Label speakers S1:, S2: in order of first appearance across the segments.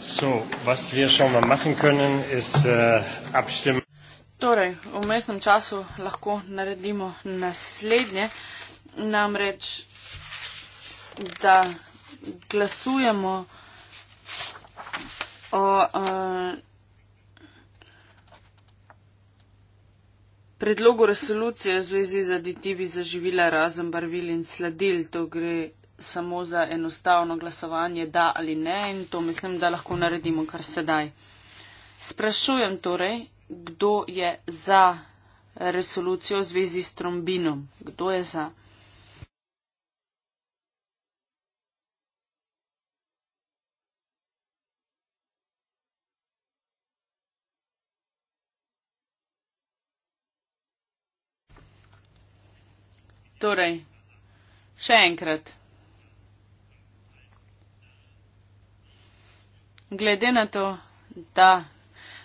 S1: So, was wir schon mal machen können, ist äh, abstimmen.
S2: Torej, v mestnem času lahko naredimo naslednje, namreč, da glasujemo o a, eh, predlogu resolucije v zvezi z aditivi za živila razen barvil in sladil. To gre samo za enostavno glasovanje da ali ne in to mislim, da lahko naredimo kar sedaj. Sprašujem torej, kdo je za resolucijo v zvezi s trombinom? Kdo je za? Torej, še enkrat. Glede na to, da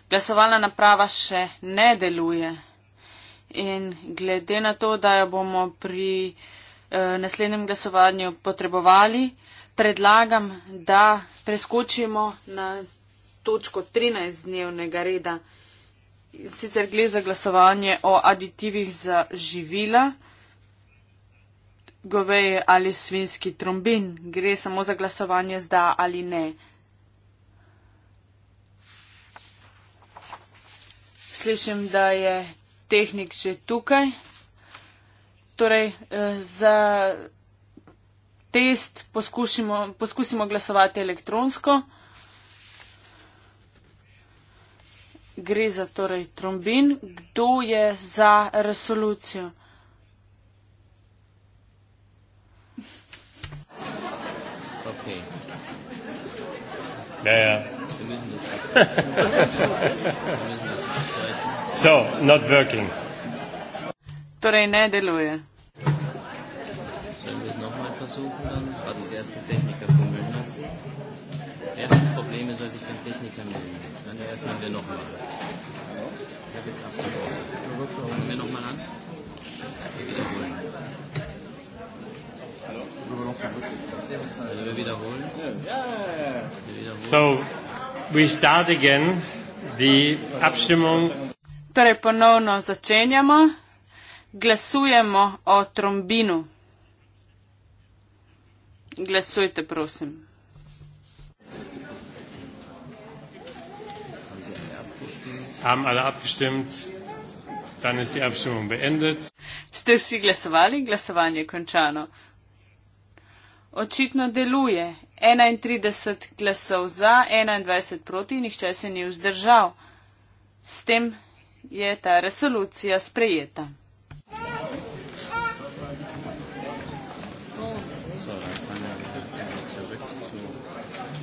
S2: glasovalna naprava še ne deluje in glede na to, da jo bomo pri eh, naslednjem glasovanju potrebovali, predlagam, da preskočimo na točko 13 dnevnega reda. Sicer gre za glasovanje o aditivih za živila, goveje ali svinski trombin. Gre samo za glasovanje zda ali ne. slišim, da je tehnik že tukaj. Torej, eh, za test poskušimo, poskusimo glasovati elektronsko. Gre za torej trombin. Kdo je za resolucijo?
S1: Okay. Ja, ja. So, not working.
S2: Torej, ne deluje.
S1: Sollen wir es nochmal versuchen? Dann warten Sie erst den Techniker von Münchners. Erste Probleme soll sich beim Techniker melden. Dann eröffnen wir nochmal. Ich habe jetzt abgebrochen. Fangen wir nochmal an. Wir wiederholen.
S2: Also wir wiederholen.
S1: Wir wiederholen. So, we start again. Die Abstimmung.
S2: Torej, ponovno začenjamo. Glasujemo o trombinu. Glasujte, prosim.
S1: Haben alle abgestimmt? Dann ist die Abstimmung beendet. Ste vsi
S2: glasovali? Glasovanje je končano. Očitno deluje. 31 glasov za, 21 proti, nihče se ni vzdržal. S tem je ta resolucija sprejeta.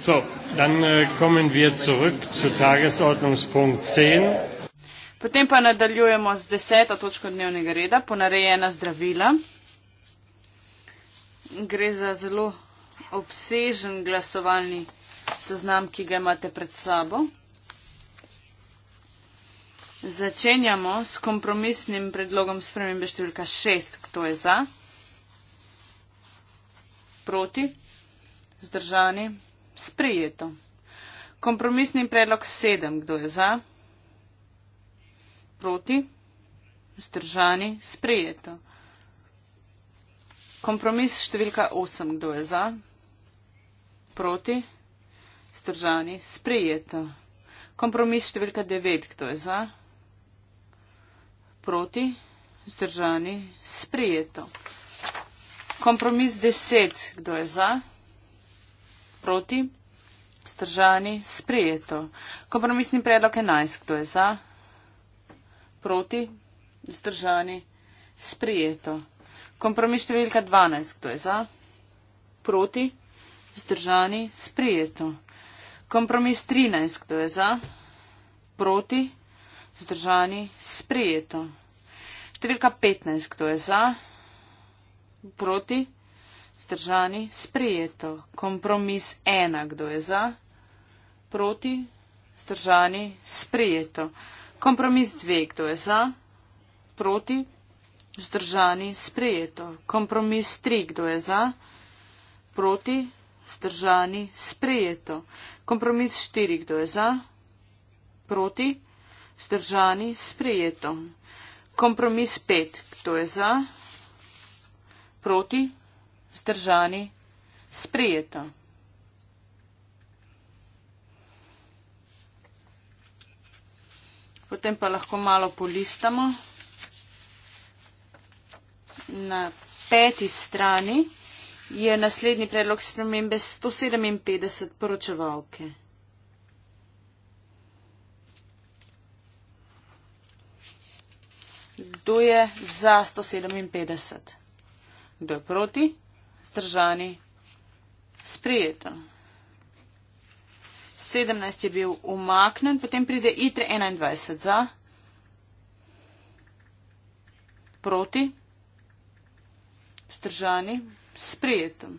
S1: So, dann äh, kommen wir zurück zu Tagesordnungspunkt 10.
S2: Potem pa nadaljujemo z deseto točko dnevnega reda, ponarejena zdravila. Gre za zelo obsežen glasovalni seznam, ki ga imate pred sabo. Začenjamo s kompromisnim predlogom spremembe številka 6. Kdo je za? Proti? Zdržani? Sprejeto. Kompromisni predlog 7. Kdo je za? Proti? Zdržani? Sprejeto. Kompromis številka 8. Kdo je za? Proti? Zdržani? Sprejeto. Kompromis številka 9. Kdo je za? Proti? proti, zdržani, sprijeto. Kompromis 10, kdo je za, proti, zdržani, sprijeto. Kompromisni predlog 11, kdo je za, proti, zdržani, sprijeto. Kompromis številka 12, kdo je za, proti, zdržani, sprijeto. Kompromis 13, kdo je za, proti, zdržani, sprijeto. Številka 15, kdo je za, proti, zdržani, sprijeto. Kompromis 1, kdo je za, proti, zdržani, sprijeto. Kompromis 2, kdo je za, proti, zdržani, sprijeto. Kompromis 3, kdo je za, proti, zdržani, sprijeto. Kompromis 4, kdo je za, proti, zdržani, sprijeto kompromis 5, to je za, proti, zdržani, sprejeta. Potem pa lahko malo polistamo. Na peti strani je naslednji predlog spremembe 157 poročevalke. Kdo je za 157? Kdo je proti? Zdržani. Sprijeto. 17 je bil umaknen, potem pride ITRE 21 za. Proti. Zdržani. Sprijeto.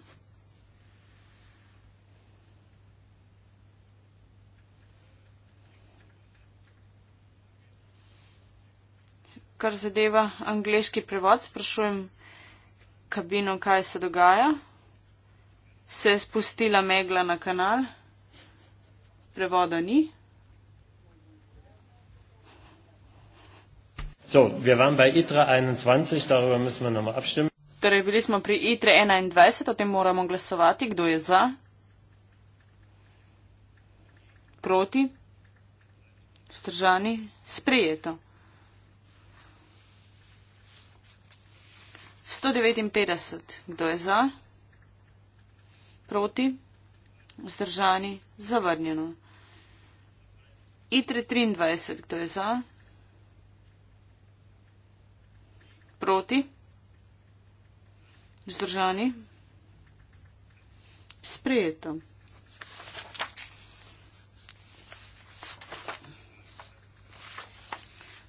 S2: kar zadeva angliški prevod, sprašujem kabino, kaj se dogaja. Se je spustila megla na kanal, prevoda ni.
S1: So, wir waren bei ITRA e 21, darüber müssen wir nochmal abstimmen.
S2: Torej, bili smo pri ITRE 21, o tem moramo glasovati, kdo je za, proti, stržani, sprijeto. 159. Kdo je za? Proti? Vzdržani? Zavrnjeno. ITRE 23. Kdo je za? Proti? Vzdržani? Sprejeto.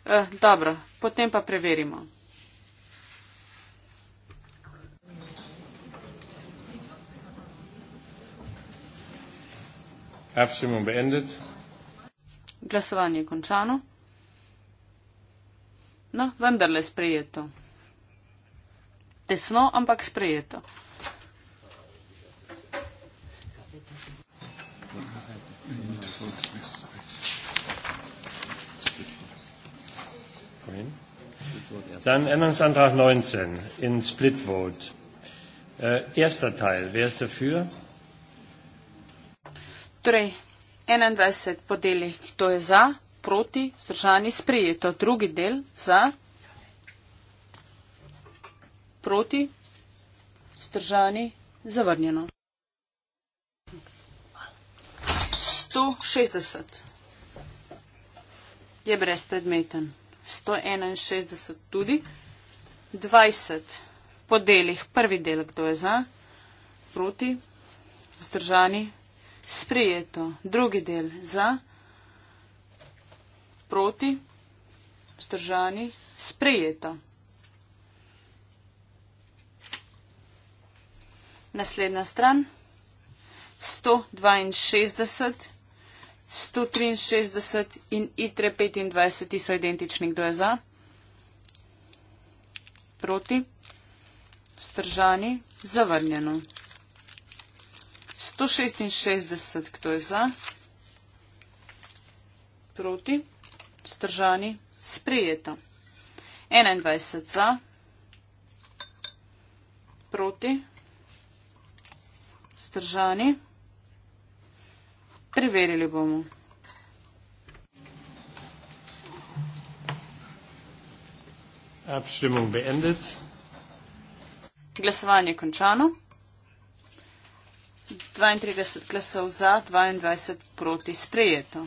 S2: Eh, dobro, potem pa preverimo.
S1: Abstimmung beendet.
S2: Glasovanje je končano. No, vendarle sprejeto. Tesno, ampak sprejeto.
S1: Dann Änderungsantrag 19 in Split Vote. Äh, erster Teil. Wer ist dafür?
S2: Torej, 21 po delih, kdo je za, proti, vzdržani, sprijeto. Drugi del za, proti, vzdržani, zavrnjeno. 160 je brezpredmeten. 161 tudi. 20 po delih, prvi del, kdo je za, proti, vzdržani, zavrnjeno sprijeto. Drugi del za, proti, vzdržani, sprijeto. Naslednja stran, 162, 163 in itre 25, ti so identični, kdo je za, proti, vzdržani, zavrnjeno. 166, kdo je za? Proti. Stržani. Sprijeto. 21 za. Proti. Stržani. Preverili bomo.
S1: Abstimmung beendet.
S2: Glasovanje končano. 32 glasov za, 22 proti sprejeto.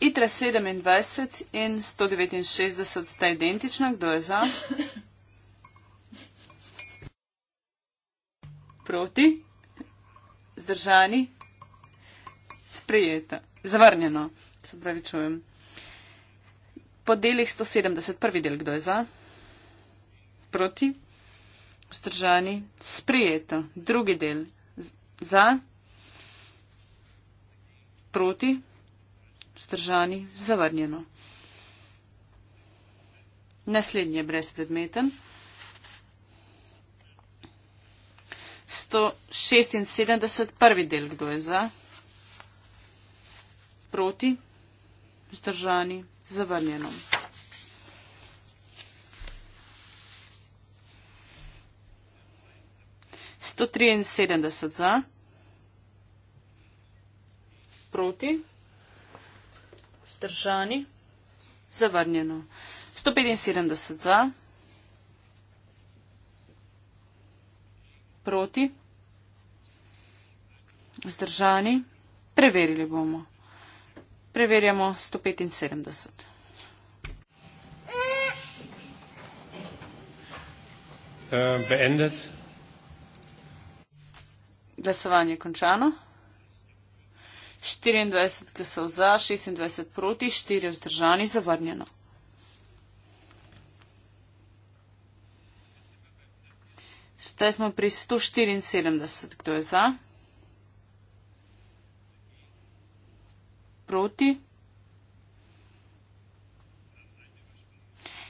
S2: ITRA 27 in 169 sta identična, kdo je za? Proti? Zdržani? Sprejeta. Zavrnjeno, se pravi čujem. Po delih 170, prvi del, kdo je za? Proti? vzdržani, sprijeto, drugi del, za, proti, vzdržani, zavrnjeno. Naslednji je brezpredmeten. 176. prvi del, kdo je za, proti, vzdržani, zavrnjeno. 173 za, proti, vzdržani, zavrnjeno. 175 za, proti, vzdržani, preverili bomo. Preverjamo 175.
S1: Äh, beendet
S2: glasovanje končano. 24 glasov za, 26 proti, 4 vzdržani, zavrnjeno. Zdaj smo pri 174, kdo je za? Proti?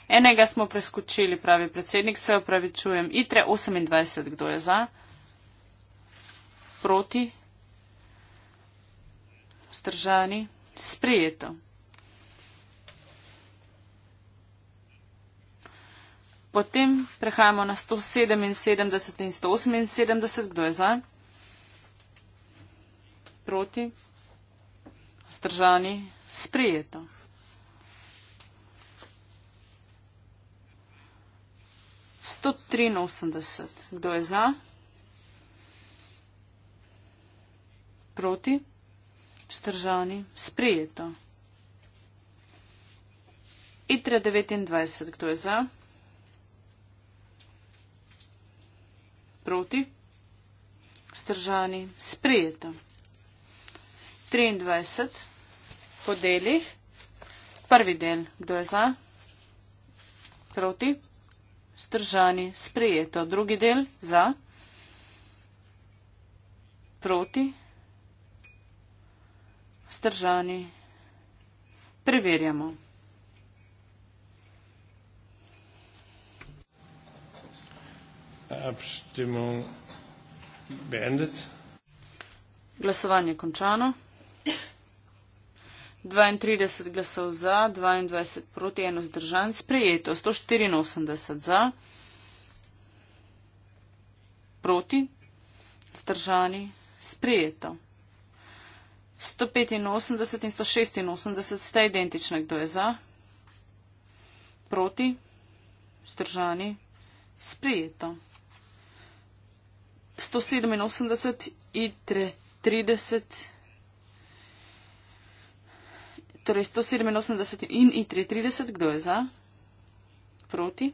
S2: Enega smo preskočili, pravi predsednik, se opravičujem. ITRE 28, kdo je za? proti, vzdržani, sprejeto. Potem prehajamo na 177 in 178, kdo je za, proti, vzdržani, sprejeto. Sto triinosemdeset, kdo je za? proti, vzdržani, sprejeto. ITRE 29, kdo je za? Proti, vzdržani, sprejeto. 23, po delih, prvi del, kdo je za? Proti, vzdržani, sprejeto. Drugi del, za? Proti, vzdržani. Preverjamo.
S1: Abstimmung beendet.
S2: Glasovanje končano. 32 glasov za, 22 proti, 1 zdržan, sprejeto. 184 za, proti, zdržani, sprejeto. 185 in 186 ste identične, kdo je za, proti, stržani, sprijeto. 187 in 30, torej 187 in, in 30, kdo je za, proti,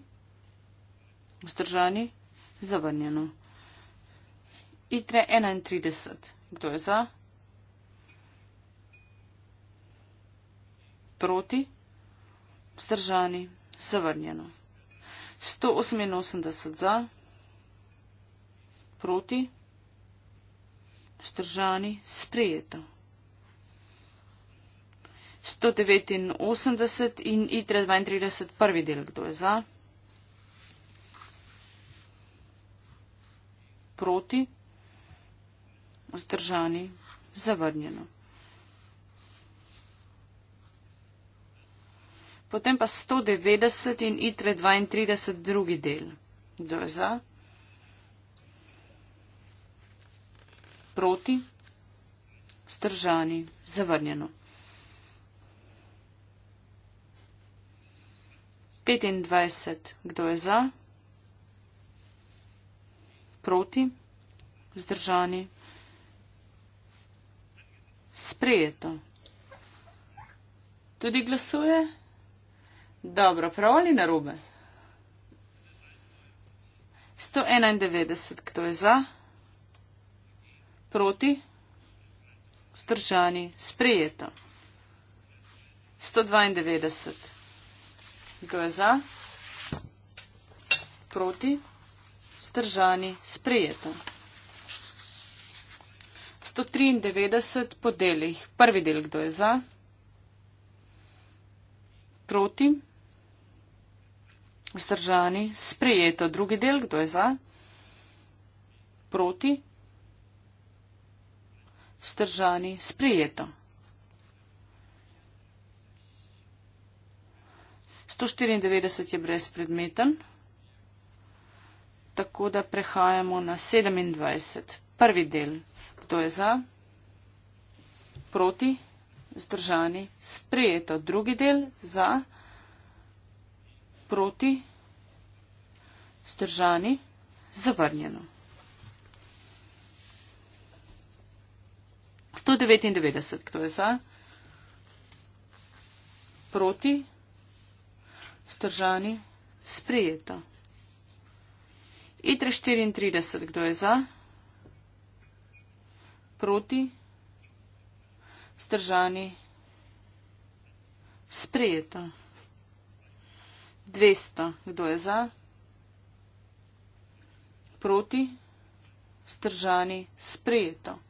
S2: stržani, zavrnjeno. ITRE 31, kdo je za? proti, vzdržani, zavrnjeno. 188 za, proti, vzdržani, sprejeto. 189 in ITRE 32, prvi del, kdo je za, proti, vzdržani, zavrnjeno. potem pa 190 in itre 32 drugi del. Kdo je za? Proti? Stržani? Zavrnjeno. 25. Kdo je za? Proti? Zdržani? Sprejeto. Tudi glasuje? Dobro, prav ali narobe? 191, kdo je za? Proti? Zdržani, sprejeta. 192, kdo je za? Proti? Zdržani, sprejeta. 193 po delih. Prvi del, kdo je za? Proti? vzdržani, sprejeto drugi del, kdo je za, proti, vzdržani, sprejeto. 194 je brezpredmeten, tako da prehajamo na 27. Prvi del, kdo je za, proti, vzdržani, sprejeto drugi del, za, proti proti, zdržani, zavrnjeno. 199, kdo je za, proti, zdržani, sprijeto. Itre 34, kdo je za, proti, zdržani, sprijeto. Sprijeto. 200. Kdo je za? Proti? Stržani? Sprejeto.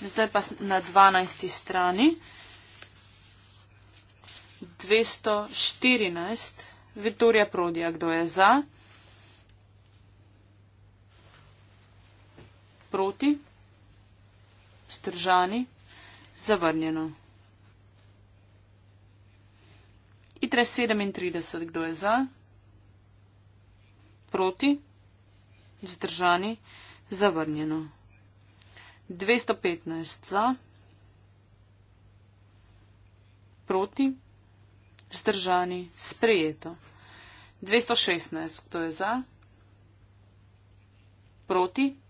S2: Zdaj pa na 12. strani. 214. Vitorija Prodija, kdo je za? proti, vzdržani, zavrnjeno. Itre 37, kdo je za, proti, vzdržani, zavrnjeno. 215 za, proti, vzdržani, sprejeto. 216, kdo je za, proti, vzdržani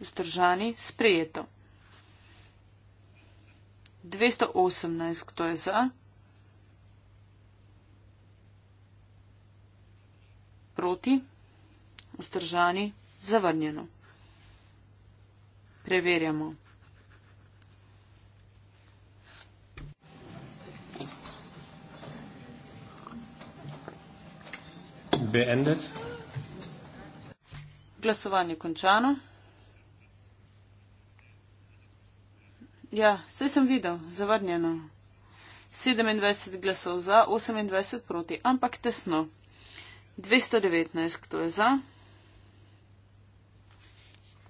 S2: vzdržani, sprejeto. 218, kdo je za? Proti, vzdržani, zavrnjeno. Preverjamo.
S1: Beendet.
S2: Glasovanje končano. Ja, vse sem videl, zavrnjeno. 27 glasov za, 28 proti, ampak tesno. 219, kdo je za?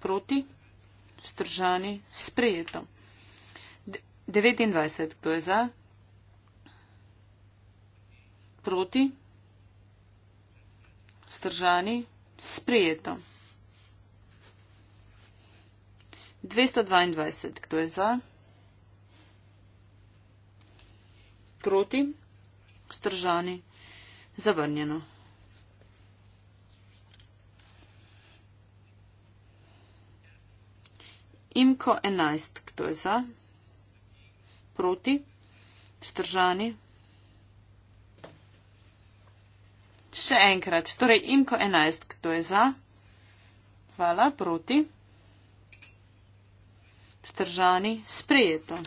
S2: Proti, stržani, sprejeto. De 29, kdo je za? Proti, stržani, sprejeto. 222, kdo je za? Proti, stržani, zavrnjeno. Imko 11, kdo je za? Proti, stržani. Še enkrat, torej imko 11, kdo je za? Hvala, proti, stržani, sprejeto.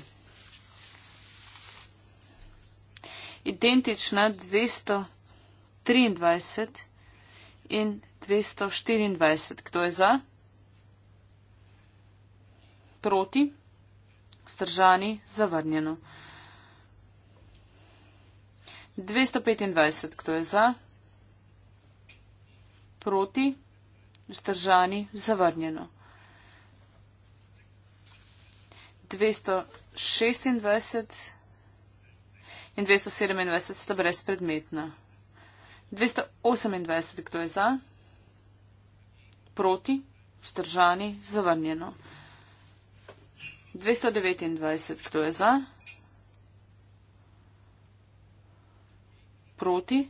S2: identična 223 in 224. Kdo je za? Proti? Stržani? Zavrnjeno. 225. Kdo je za? Proti? Stržani? Zavrnjeno. 226 in 227 sta brezpredmetna. 228, kdo je za? Proti, vzdržani, zavrnjeno. 229, kdo je za? Proti,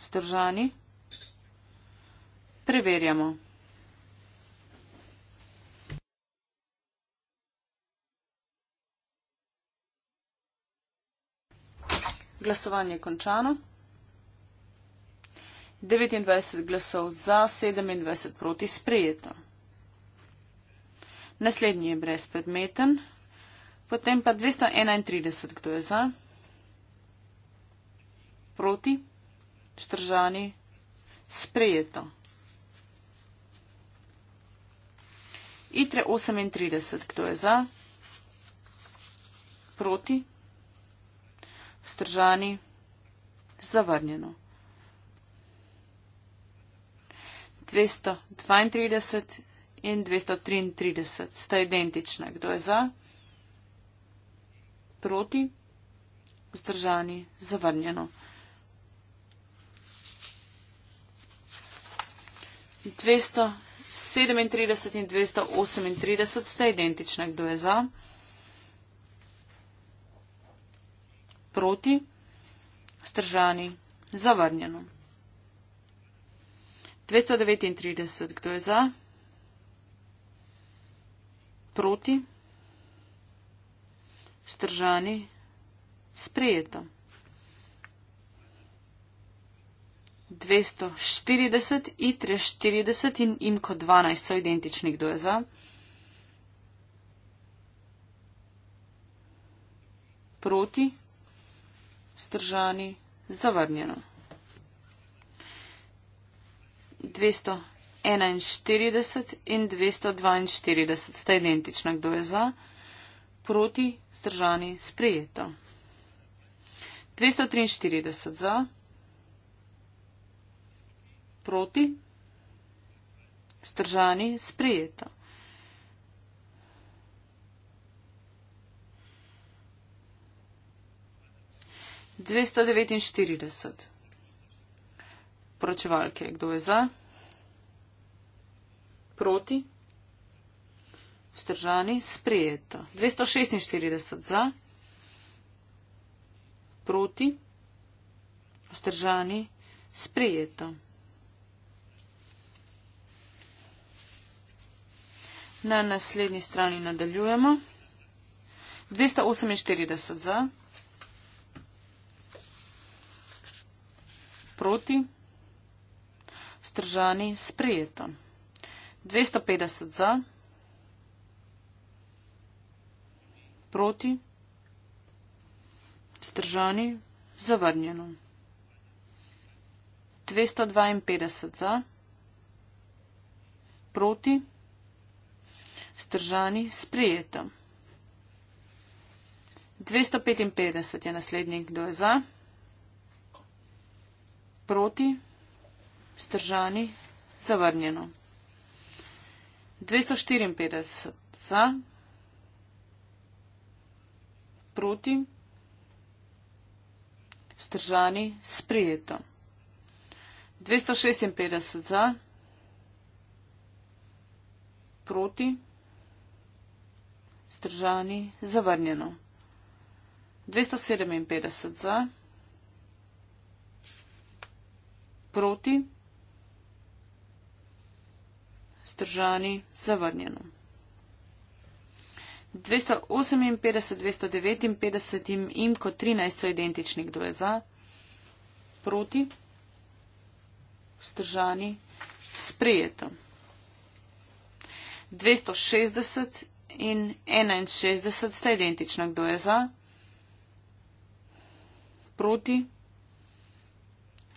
S2: vzdržani, preverjamo. Glasovanje je končano. 29 glasov za, 27 proti sprejeto. Naslednji je brezpredmeten. Potem pa 231, kdo je za? Proti? Štržani? Sprejeto. ITRE 38, kdo je za? Proti? vzdržani, zavrnjeno. 232 in 233 sta identična. Kdo je za? Proti? Vzdržani, zavrnjeno. 237 in 238 sta identična, kdo je za. proti, stržani, zavrnjeno. 239, kdo je za, proti, stržani, sprejeto. 240, i 340 in imko 12 so identični, kdo je za. Proti, vzdržani, zavrnjeno. 241 in 242 sta identična, kdo je za, proti, vzdržani, sprejeto. 243 za, proti, vzdržani, sprejeto. 249. Pročevalke, kdo je za? Proti? Vzdržani? Sprejeto. 246 za? Proti? Vzdržani? Sprejeto. Na naslednji strani nadaljujemo. 248 za? proti, stržani sprejeto. 250 za, proti, stržani zavrnjeno. 252 za, proti, stržani sprejeto. 255 je naslednji, kdo je za proti, vzdržani, zavrnjeno. 254 za, proti, vzdržani, sprijeto. 256 za, proti, vzdržani, zavrnjeno. 257 za, proti, vzdržani, zavrnjeno. proti, stržani, zavrnjeno. 258, 259 in kot 13 so identični, kdo je za, proti, stržani, sprejeto. 260 in 61 sta identična, kdo je za, proti, stržani.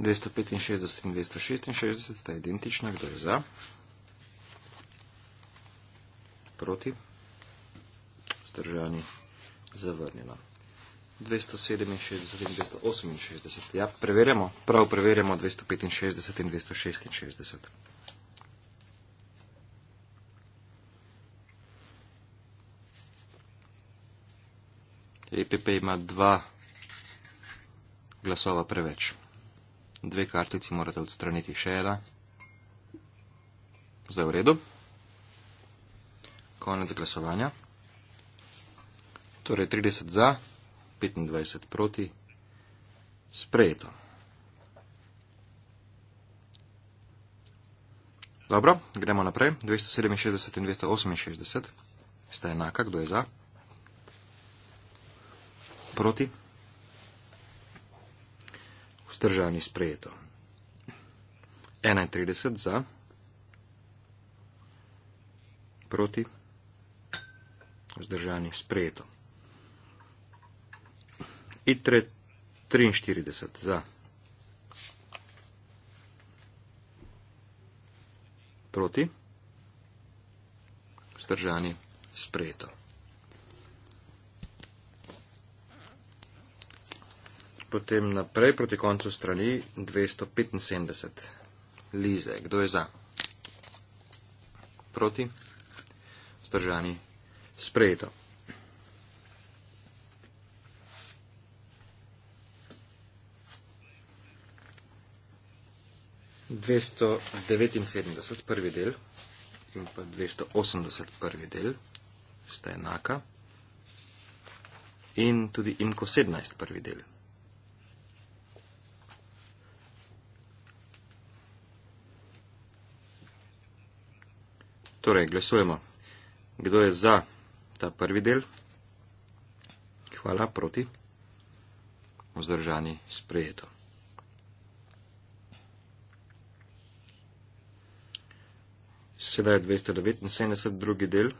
S3: 265 in 266 sta identična, kdo je za? Proti? Zdržani? Zavrnjeno. 267 in 268. Ja, preverjamo, prav preverjamo 265 in 266. EPP ima dva glasova preveč dve kartici morate odstraniti še ena. Zdaj v redu. Konec glasovanja. Torej 30 za, 25 proti. Sprejeto. Dobro, gremo naprej. 267 in 268 sta enaka, kdo je za? Proti vzdržani sprejeto. 31 za, proti, vzdržani sprejeto. ITRE 43 za, proti, vzdržani sprejeto. potem naprej proti koncu strani 275. Lize, kdo je za? Proti? Zdržani? Sprejeto. Dvesto devetinsedemdeset prvi del in pa dvesto osemdeset prvi del sta enaka in tudi inko sedemnajst prvi del. Torej, glasujemo. Kdo je za ta prvi del? Hvala, proti. Vzdržani sprejeto. Sedaj je 279. drugi del,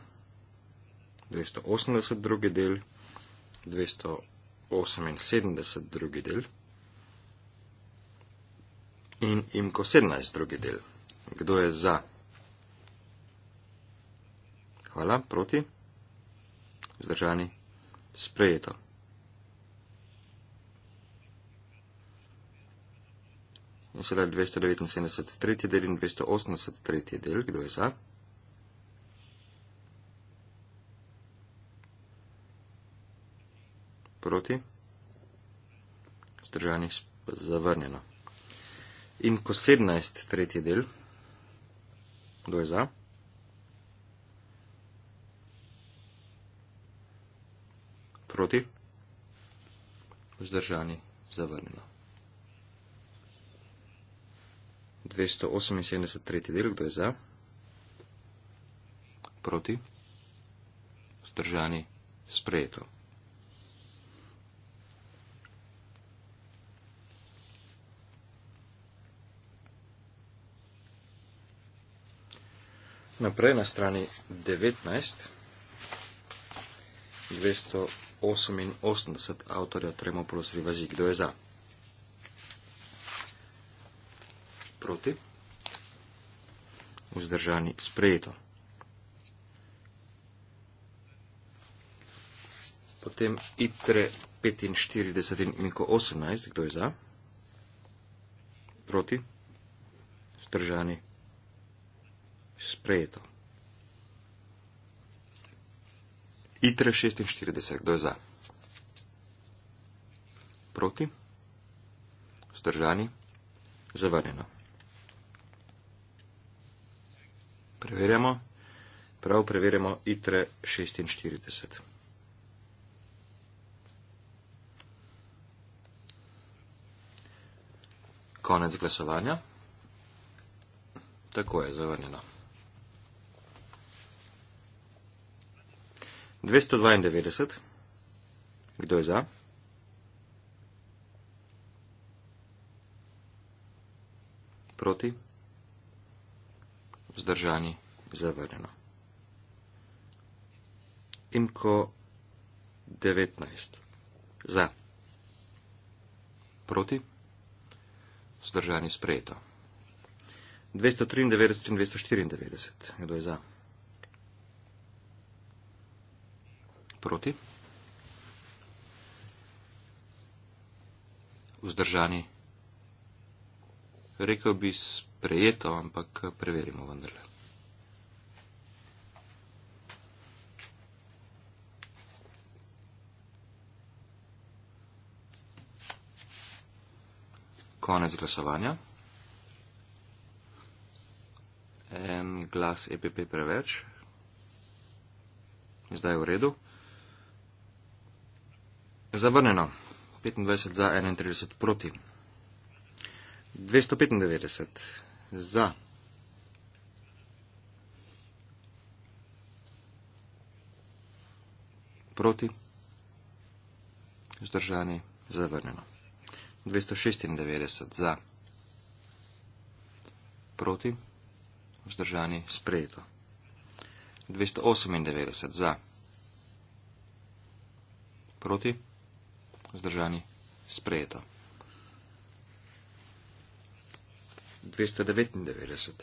S3: 280. drugi del, 278. drugi del in imko 17. drugi del. Kdo je za? Hvala. Proti? Zdržani. Sprejeto. In sedaj 279. tretji del in 280. tretji del. Kdo je za? Proti? Zdržani. Zavrnjeno. In ko 17. tretji del. Kdo je za? Proti? Vzdržani. Zavrnjeno. 278. tretji del, kdo je za? Proti? Vzdržani. Sprejeto. 19. 88 avtorja Tremopolos Rivazi. Kdo je za? Proti? Vzdržani sprejeto. Potem ITRE 45 in MIKO 18. Kdo je za? Proti? Vzdržani sprejeto. ITRE 46, kdo je za? Proti? Vzdržani? Zavrnjeno. Preverjamo. Prav preverjamo ITRE 46. Konec glasovanja. Tako je zavrnjeno. 292. Kdo je za? Proti? Vzdržani? Zavrnjeno. Inko 19. Za. Proti? Vzdržani? Sprejeto. 293 in 294. Kdo je za? proti? Vzdržani. Rekel bi sprejeto, ampak preverimo vendarle. Konec glasovanja. En glas EPP preveč. Zdaj je v redu. Zavrnjeno. 25 za, 31 proti. 295 za. 2. Proti. Zdržani. Zavrnjeno. 296 za. Proti. Vzdržani sprejeto. 298 za. Proti vzdržani, sprejeto. 299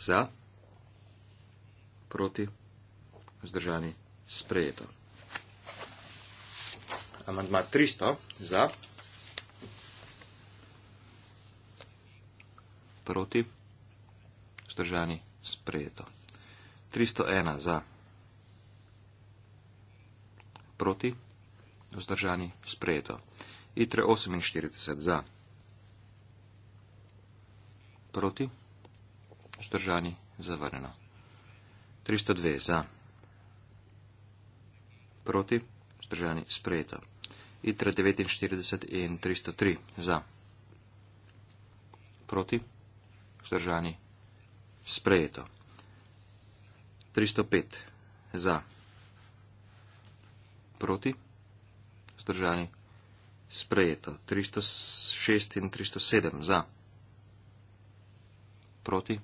S3: za, proti, vzdržani, sprejeto. Amandma 300 za, proti, vzdržani, sprejeto. 301 za, proti, vzdržani, sprejeto vzdržani, sprejeto. ITRE 48 za. Proti, vzdržani, zavrneno. 302 za. Proti, vzdržani, sprejeto. ITRE 49 in 303 za. Proti, vzdržani, sprejeto. 305 za. Proti, vzdržani, sprejeto vzdržani. Sprejeto. 306 in 307 za. Proti.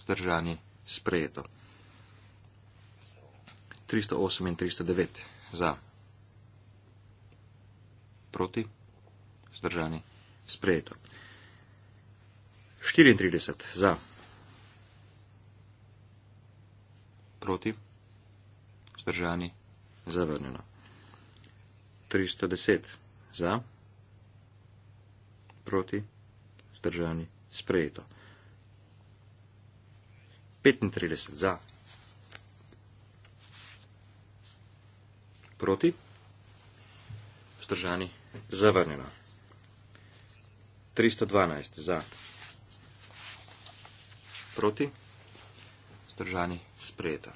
S3: Vzdržani. Sprejeto. 308 in 309 za. Proti. Vzdržani. Sprejeto. 34 za. Proti. Vzdržani. Zavrnjeno. 310 za, proti, zdržani, sprejeto. 35 za, proti, zdržani, zavrnjeno. 312 za, proti, zdržani, sprejeto.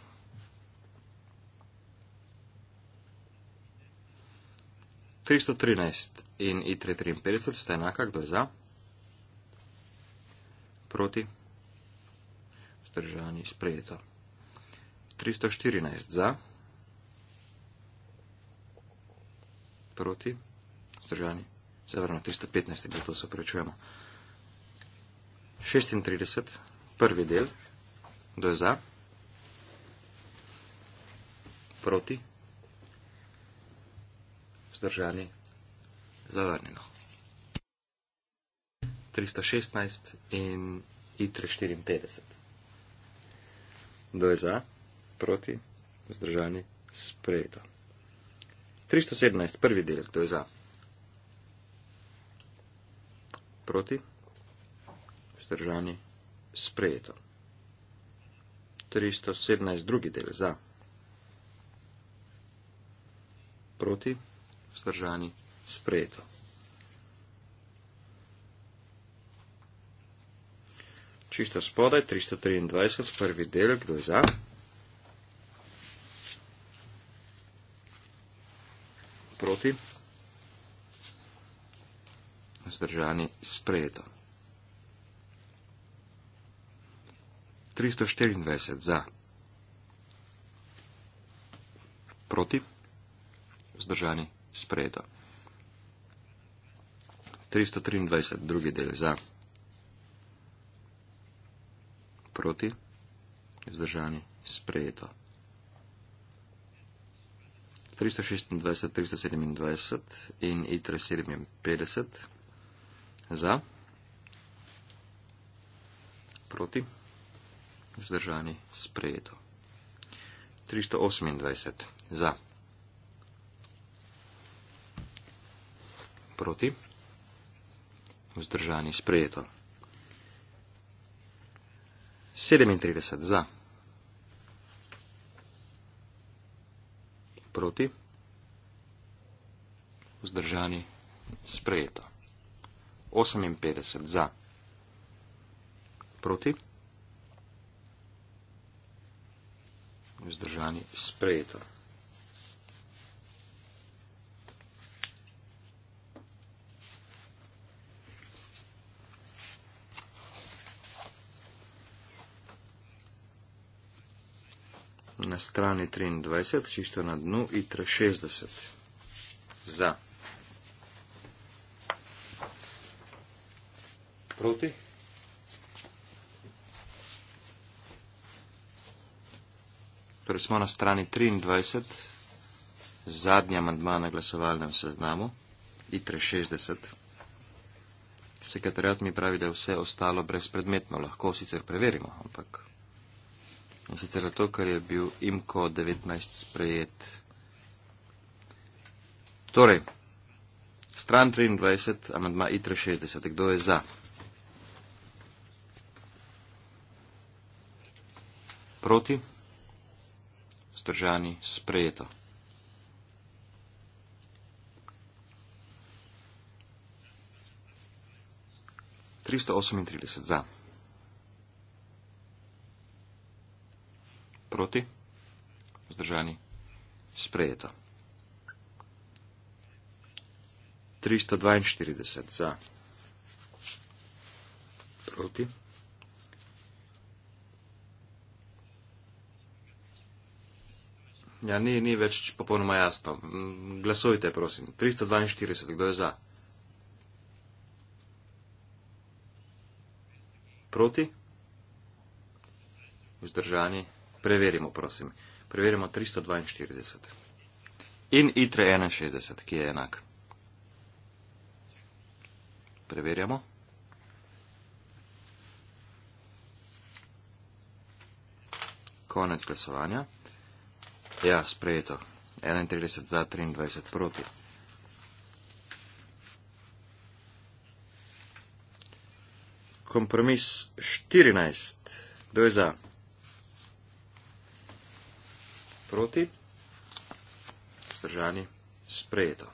S3: 313 in i3 53 sta enaka, kdo je za? Proti? Zdržani, sprejeto. 314 za? Proti? Zdržani, zavrno, 315 je bilo, to se prečujemo. 36, prvi del, kdo je za? Proti? vzdržani zavrnjeno. 316 in ITRE 54. Kdo je za, proti, vzdržani, sprejeto. 317, prvi del, kdo je za, proti, vzdržani, sprejeto. 317, drugi del, za, proti, vzdržani, sprejeto vzdržani, sprejeto. Čisto spodaj, 323, prvi del, kdo je za? Proti? Vzdržani, sprejeto. 324 za, proti, vzdržani, sprejeto. 323, drugi del za, proti, vzdržani, sprejeto. 326, 327 in ITR 57 za, proti, vzdržani, sprejeto. 328 za. proti, vzdržani sprejeto. 37 za, proti, vzdržani sprejeto. 58 za, proti, vzdržani sprejeto. na strani 23, čisto na dnu i 60. Za. Proti. Torej smo na strani 23, zadnja mandma na glasovalnem seznamu, ITRE 60. Sekretariat mi pravi, da je vse ostalo brezpredmetno, lahko sicer preverimo, ampak In sicer zato, ker je bil IMCO 19 sprejet. Torej, stran 23, amandma ITR 60. Kdo je za? Proti? Stržani sprejeto. 338 za. Proti? Zdržani? Sprejeto. 342 za. Proti? Ja, ni, ni več popolnoma jasno. Glasujte, prosim. 342, kdo je za? Proti? Vzdržani? Preverimo, prosim. Preverimo 342. In ITRE 61, ki je enak. Preverjamo. Konec glasovanja. Ja, sprejeto. 31 za, 23 proti. Kompromis 14. Kdo je za? proti, vzdržani, sprejeto.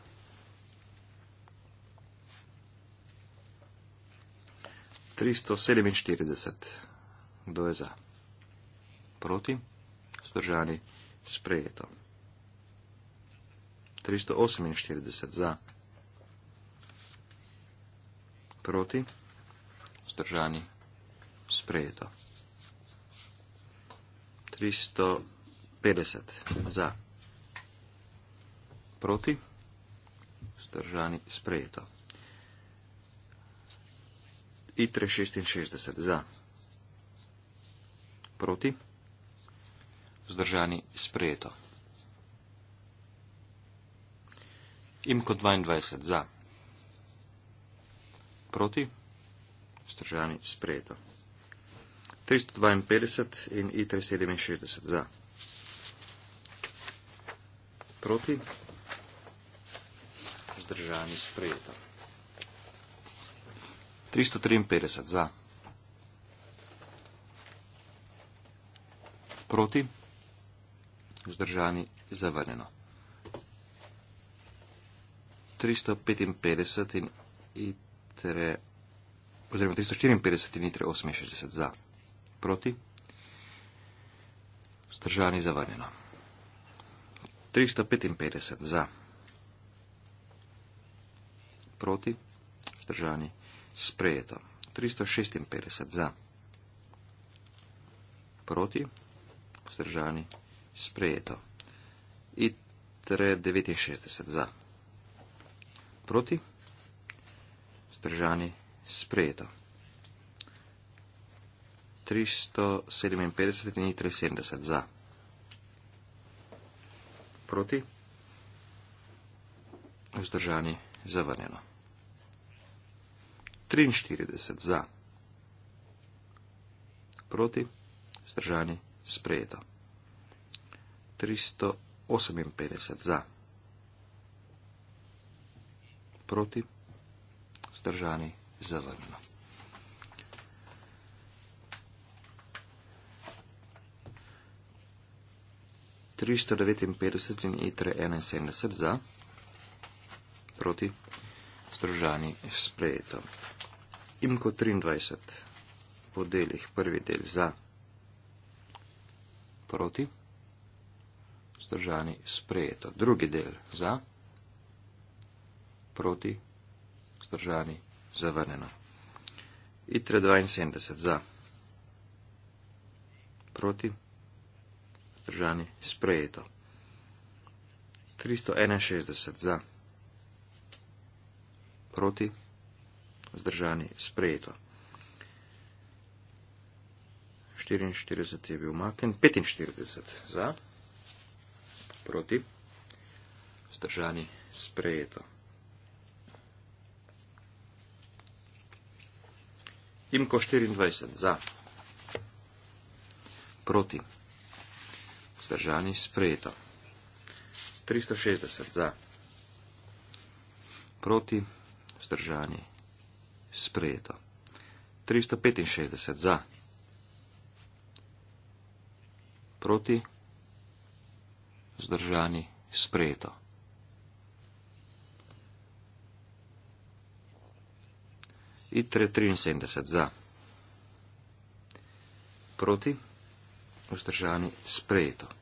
S3: Tristo sedeminštirideset. Kdo je za? Proti, vzdržani, sprejeto. Tristo oseminštirideset. Za. Proti, vzdržani, sprejeto. Tristo 50 za, proti, vzdržani sprejeto. ITRE 66 za, proti, vzdržani sprejeto. IMKO 22 za, proti, vzdržani sprejeto. 352 in ITRE 67 za proti? Zdržani sprejeto. 353 za. Proti? Zdržani zavrnjeno. 355 in itre, oziroma 354 in itre 68 za. Proti? Zdržani zavrnjeno. 355 za, proti, vzdržani, sprejeto. 356 za, proti, vzdržani, sprejeto. ITRE 69 za, proti, vzdržani, sprejeto. 357 in ITRE 70 za proti, vzdržani zavrnjeno. 43 za, proti, vzdržani sprejeto. 358 za, proti, vzdržani zavrnjeno. 359 in ITRE e 71 za, proti, združani sprejeto. IMKO 23 po delih, prvi del za, proti, združani sprejeto. Drugi del za, proti, združani zavrneno. ITRE 72 za, proti, združani sprejeto vzdržani sprejeto. 361 za, proti, vzdržani sprejeto. 44 je bil umaknen, 45 za, proti, vzdržani sprejeto. Imko 24 za, proti vzdržani, sprejeto. 360 za, proti, vzdržani, sprejeto. 365 za, proti, vzdržani, sprejeto. 73 za, proti, vzdržani, sprejeto.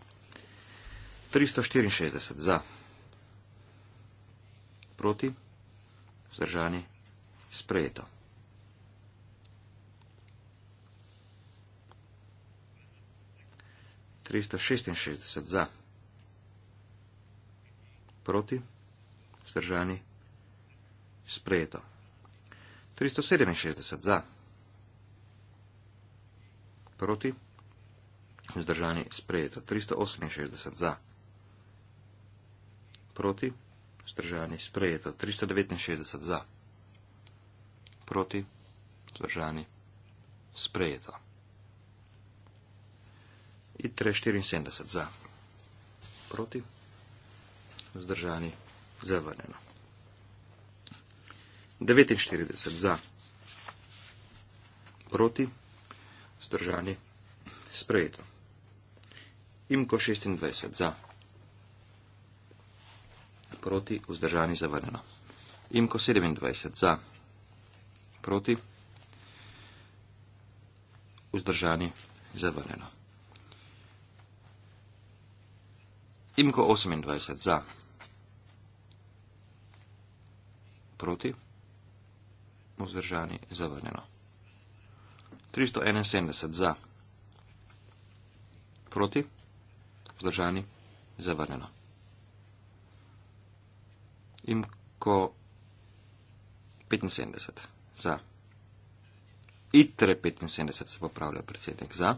S3: 364 za, proti, vzdržani, sprejeto. Tristo šestinšestdeset za, proti, vzdržani, sprejeto. Tristo sedeminšestdeset za, proti, vzdržani, sprejeto. Tristo oseminšestdeset za proti, vzdržani, sprejeto, 369 za, proti, vzdržani, sprejeto. I 374 za, proti, vzdržani, zavrnjeno. 49 za, proti, vzdržani, sprejeto. Imko 26 za proti, vzdržani zavrnjeno. Imko 27 za, proti, vzdržani zavrnjeno. Imko 28 za, proti, vzdržani zavrnjeno. 371 za, proti, vzdržani zavrnjeno. In ko 75 za. ITRE 75 se popravlja predsednik za.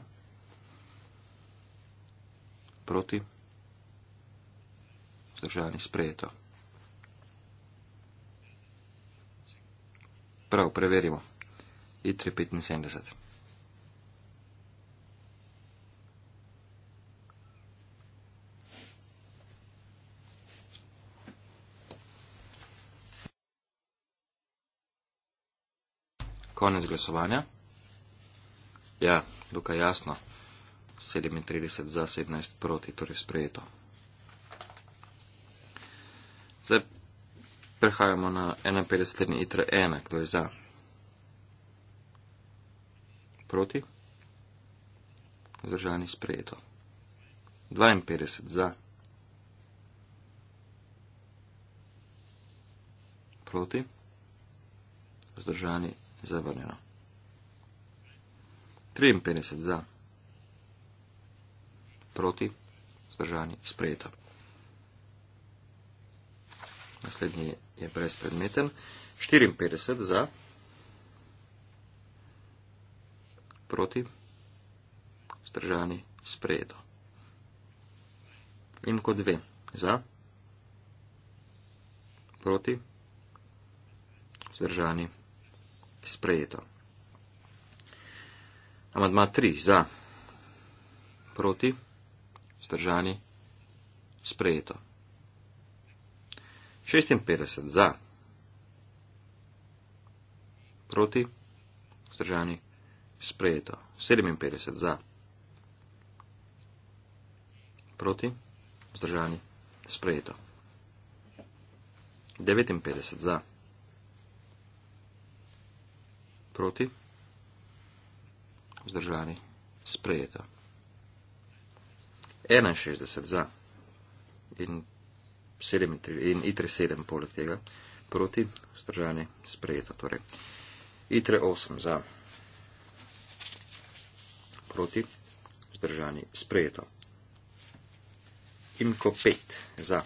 S3: Proti. Zdržani sprejeto. Prav, preverimo. ITRE 75. Konec glasovanja. Ja, dokaj jasno. 37 za 17 proti, torej sprejeto. Zdaj prehajamo na 51 strani itra 1, kdo je za. Proti. Zdržani sprejeto. 52 za. Proti. Zdržani Zavrnjeno. 53 za. Proti. Zdržani. Sprejeto. Naslednji je brezpredmeten. 54 za. Proti. Zdržani. Sprejeto. In kot dve. Za. Proti. Zdržani. Sprejeto sprejeto. Amadma 3 za, proti, vzdržani, sprejeto. 56 za, proti, vzdržani, sprejeto. 57 za, proti, vzdržani, sprejeto. 59 za. Proti? Vzdržani. Sprejeta. 61 za in, 7, in ITRE 7 poleg tega. Proti? Vzdržani. Sprejeta. Torej. ITRE 8 za. Proti? Vzdržani. Sprejeta. IMKO 5 za.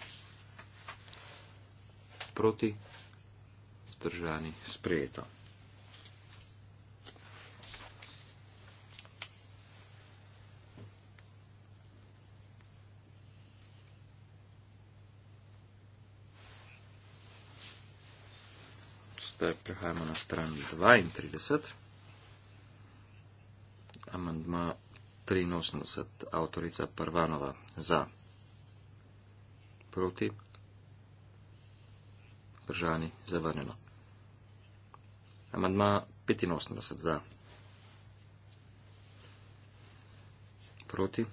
S3: Proti? Vzdržani. Sprejeta. zdaj prehajamo na stran 32. Amandma 83, avtorica Parvanova za. Proti. Držani, zavrnjeno. Amandma 85 za. Proti.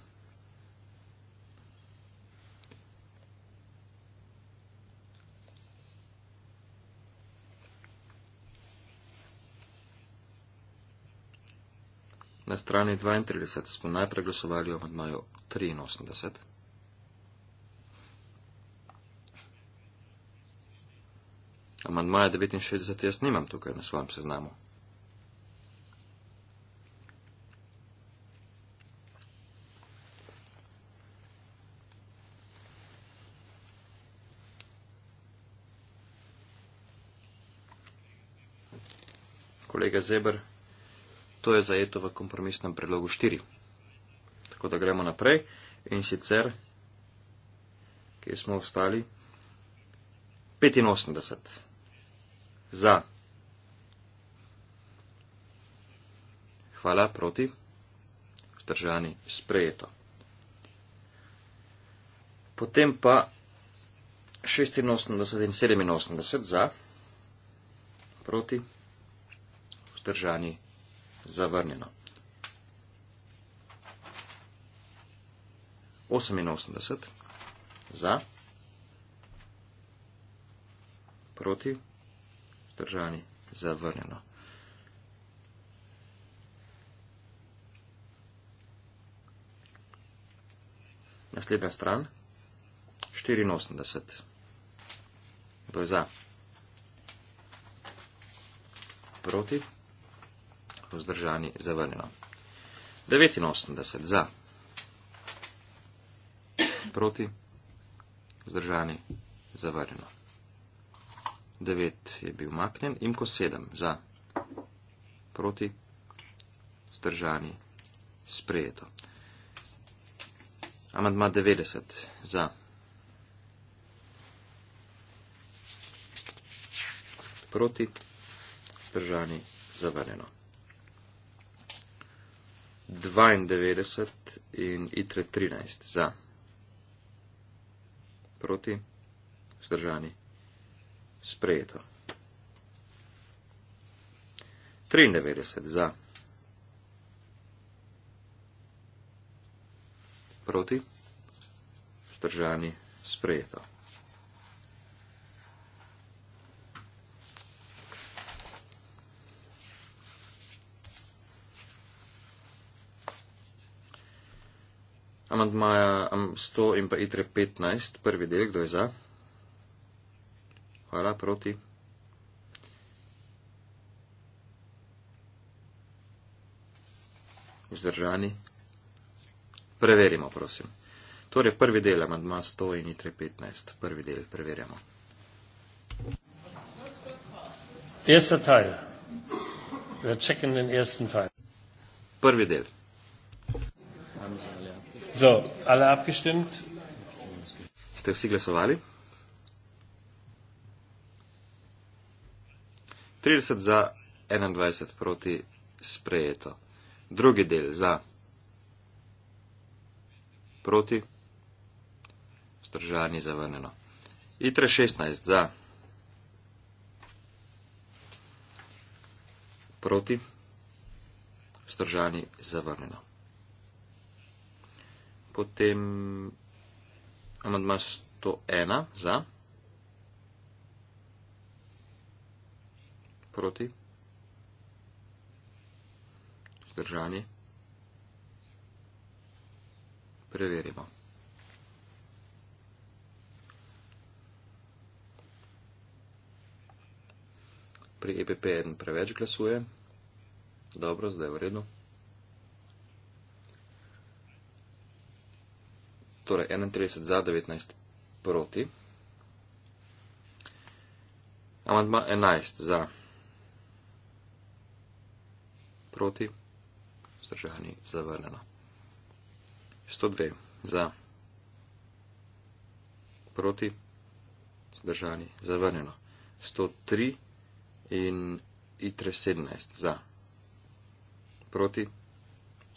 S3: Na strani 32 smo najprej glasovali o amadmaju 83. Amadmaja 69 jaz nimam tukaj na svojem seznamu. Kolega Zebr. To je zajeto v kompromisnem predlogu 4. Tako da gremo naprej in sicer, kje smo ostali, 85 za. Hvala proti. Vzdržani sprejeto. Potem pa 86 in 87 za. Proti. Vzdržani sprejeto zavrnjeno. 88 za, proti, zdržani, zavrnjeno. Naslednja stran, 84, kdo je za, proti, zdržani, zavrnjeno vzdržani zavrnjeno. 89 za, proti, vzdržani zavrnjeno. 9 je bil maknen, imko 7 za, proti, vzdržani sprejeto. Amandma 90 za. Proti, zdržani, zavarjeno. 92 in ITRE 13 za. Proti, vzdržani, sprejeto. 93 za. Proti, vzdržani, sprejeto. Amandmaja 100 in pa itre 15, prvi del, kdo je za? Hvala, proti. Vzdržani. Preverimo, prosim. Torej, prvi del, amandma 100 in itre 15, prvi del, preverjamo. Prvi del.
S1: Amandma. So, alle abgestimmt?
S3: Ste vsi glasovali? 30 za, 21 proti sprejeto. Drugi del za, proti, vzdržani zavrneno. ITRE 16 za, proti, vzdržani zavrneno. Potem amandma 101 za. Proti. Zdržanje. Preverimo. Pri EPP1 preveč glasuje. Dobro, zdaj je v redu. torej 31 za 19 proti. Amandma 11 za proti, vzdržani zavrnjeno. 102 za proti, vzdržani zavrnjeno. 103 in itre 17 za proti,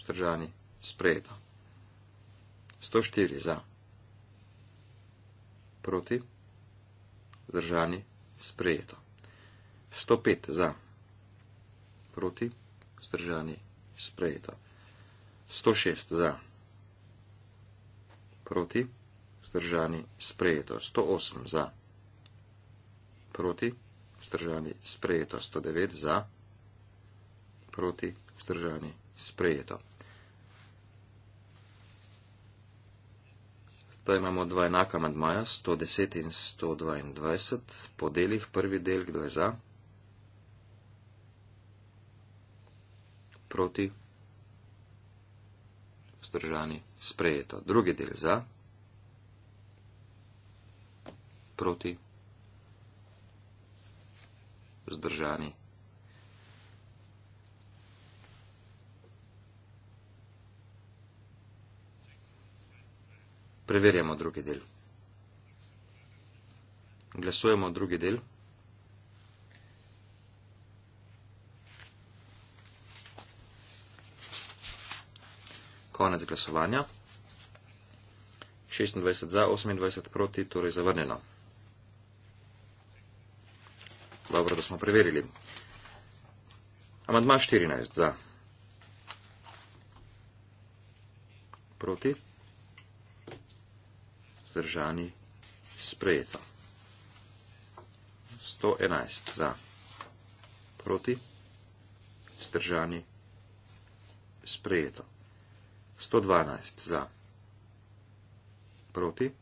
S3: vzdržani sprejeto. 104 za. Proti. Zdržani. Sprejeto. 105 za. Proti. Zdržani. Sprejeto. 106 za. Proti. Zdržani. Sprejeto. 108 za. Proti. Zdržani. Sprejeto. 109 za. Proti. Zdržani. Sprejeto. Ta imamo dva enaka amandmaja, 110 in 122, po delih prvi del, kdo je za? Proti? Vzdržani? Sprejeto. Drugi del za? Proti? Vzdržani? Preverjamo drugi del. Glasujemo drugi del. Konec glasovanja. 26 za, 28 proti, torej zavrnjeno. Dobro, da smo preverili. Amadma 14 za. Proti vzdržani sprejeto. 111 za proti, vzdržani sprejeto. 112 za proti,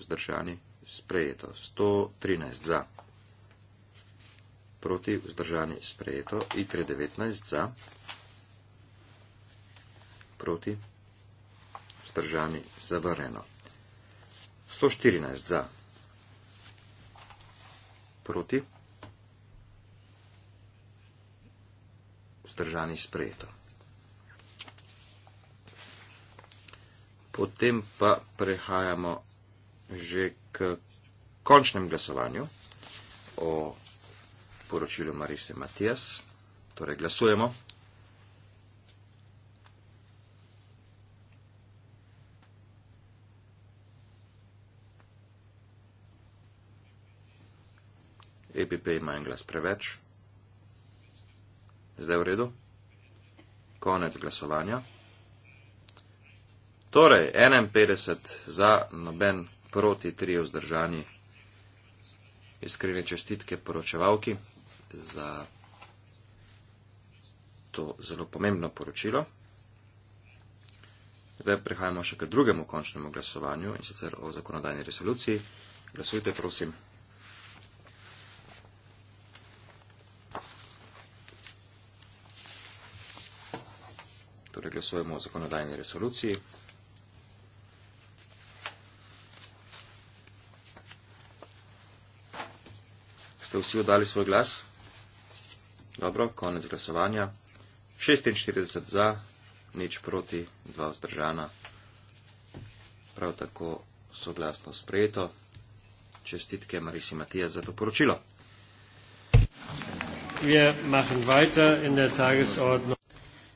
S3: vzdržani sprejeto. 113 za proti, vzdržani sprejeto. ITRE 19 za proti, vzdržani zavareno. 114 za, proti, vzdržani sprejeto. Potem pa prehajamo že k končnem glasovanju o poročilu Marise Matijas. Torej glasujemo. EPP ima en glas preveč. Zdaj v redu. Konec glasovanja. Torej, 51 za, noben proti, 3 vzdržani. Iskrene čestitke poročevalki za to zelo pomembno poročilo. Zdaj prehajamo še k drugemu končnemu glasovanju in sicer o zakonodajni resoluciji. Glasujte, prosim. torej glasujemo o zakonodajni resoluciji. Ste vsi oddali svoj glas? Dobro, konec glasovanja. 46 za, nič proti, dva vzdržana. Prav tako soglasno sprejeto. Čestitke Marisi Matija za to poročilo.
S1: Wir machen weiter in der Tagesordnung.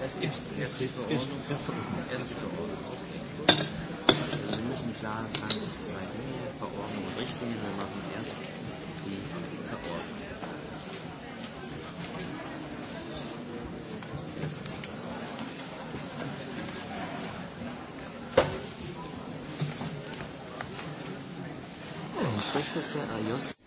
S3: Erst die Verordnung. Erst die Verordnung. Okay. Also müssen klar, es handelt sich
S1: zwei Dinge, Verordnung und Richtlinie. Wir machen erst die Verordnung.
S2: Ja, hm. Richteste Ayus. Äh,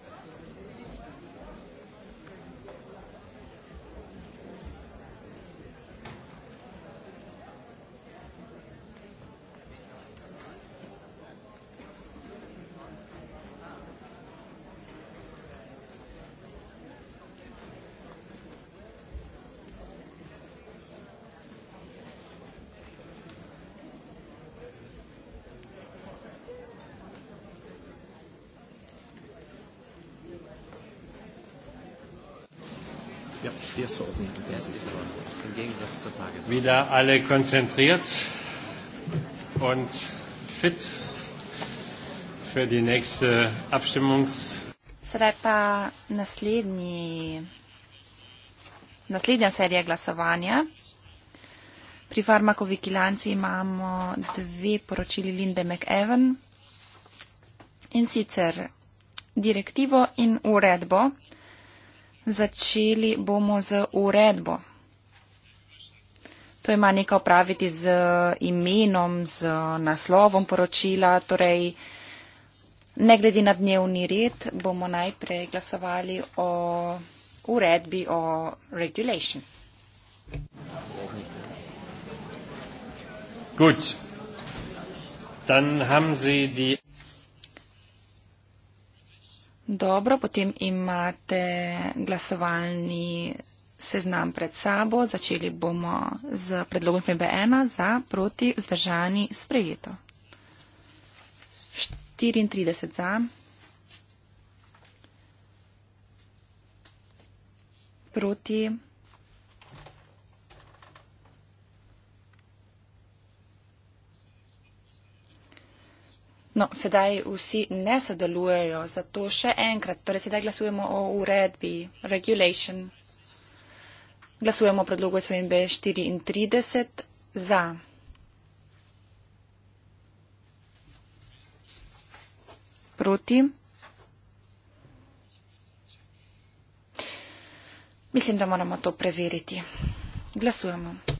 S1: vier Verordnungen. Ja, Wieder alle konzentriert und fit für die nächste Abstimmungs.
S4: Sedaj pa naslednji, naslednja serija glasovanja. Pri farmakovigilanci imamo dve poročili Linde McEwen in sicer direktivo in uredbo. Začeli bomo z uredbo. To ima nekaj opraviti z imenom, z naslovom poročila, torej ne glede na dnevni red, bomo najprej glasovali o uredbi o regulation.
S1: Gut. Dann haben Sie die
S4: Dobro, potem imate glasovalni seznam pred sabo. Začeli bomo z predlogom spremembe 1 za proti vzdržani sprejeto. 34 za. No, sedaj vsi ne sodelujejo, zato še enkrat. Torej, sedaj glasujemo o uredbi, regulation. Glasujemo o predlogu SVMB 34 za. Proti. Mislim, da moramo to preveriti. Glasujemo.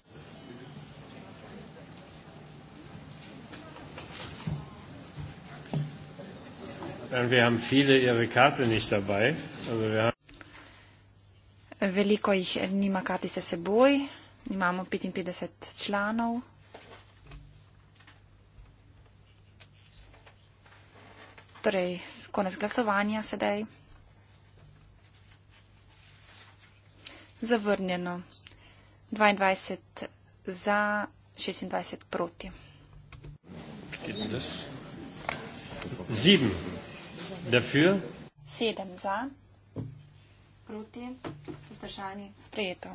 S1: Wir haben viele ihre Karte nicht dabei. Also wir
S4: haben Veliko jih eh, nima kartice seboj, imamo 55 članov. Torej, konec glasovanja sedaj. Zavrnjeno. 22 za, 26 proti.
S1: 7. Dafür?
S4: Sedem za, proti, vzdržani, sprejeto.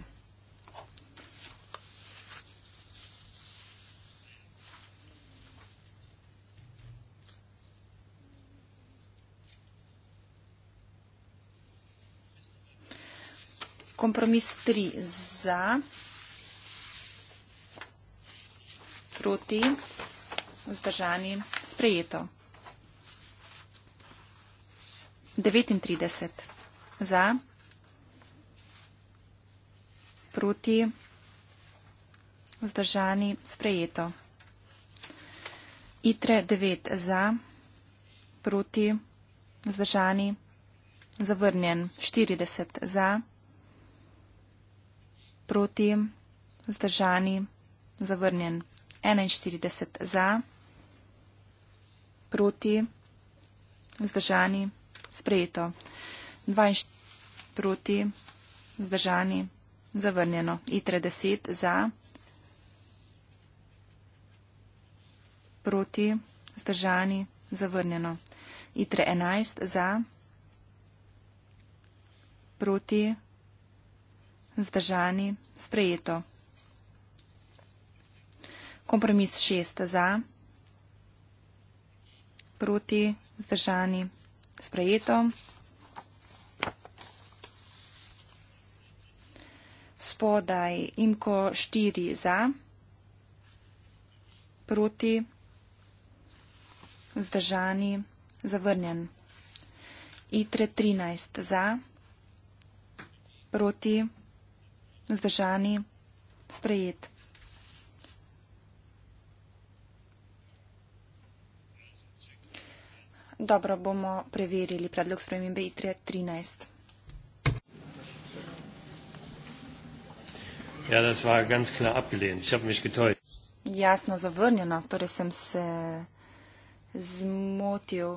S4: Kompromis 3 za, proti, vzdržani, sprejeto. 39 za, proti, vzdržani, sprejeto. ITRE 9 za, proti, vzdržani, zavrnjen. 40 za, proti, vzdržani, zavrnjen. 41 za, proti, vzdržani, zavrnjen sprejeto. 22 proti, zdržani, zavrnjeno. ITRE 10 za, proti, zdržani, zavrnjeno. ITRE 11 za, proti, zdržani, sprejeto. Kompromis 6 za, proti, zdržani, sprejeto. Spodaj imko 4 za, proti, vzdržani, zavrnjen. Itre 13 za, proti, vzdržani, sprejet. Dobro, bomo preverili predlog spremembe ITRE 13.
S1: Ja, das war ganz klar abgelehnt. Ich habe mich getäuscht.
S4: Jasno zavrnjeno, torej sem se zmotil.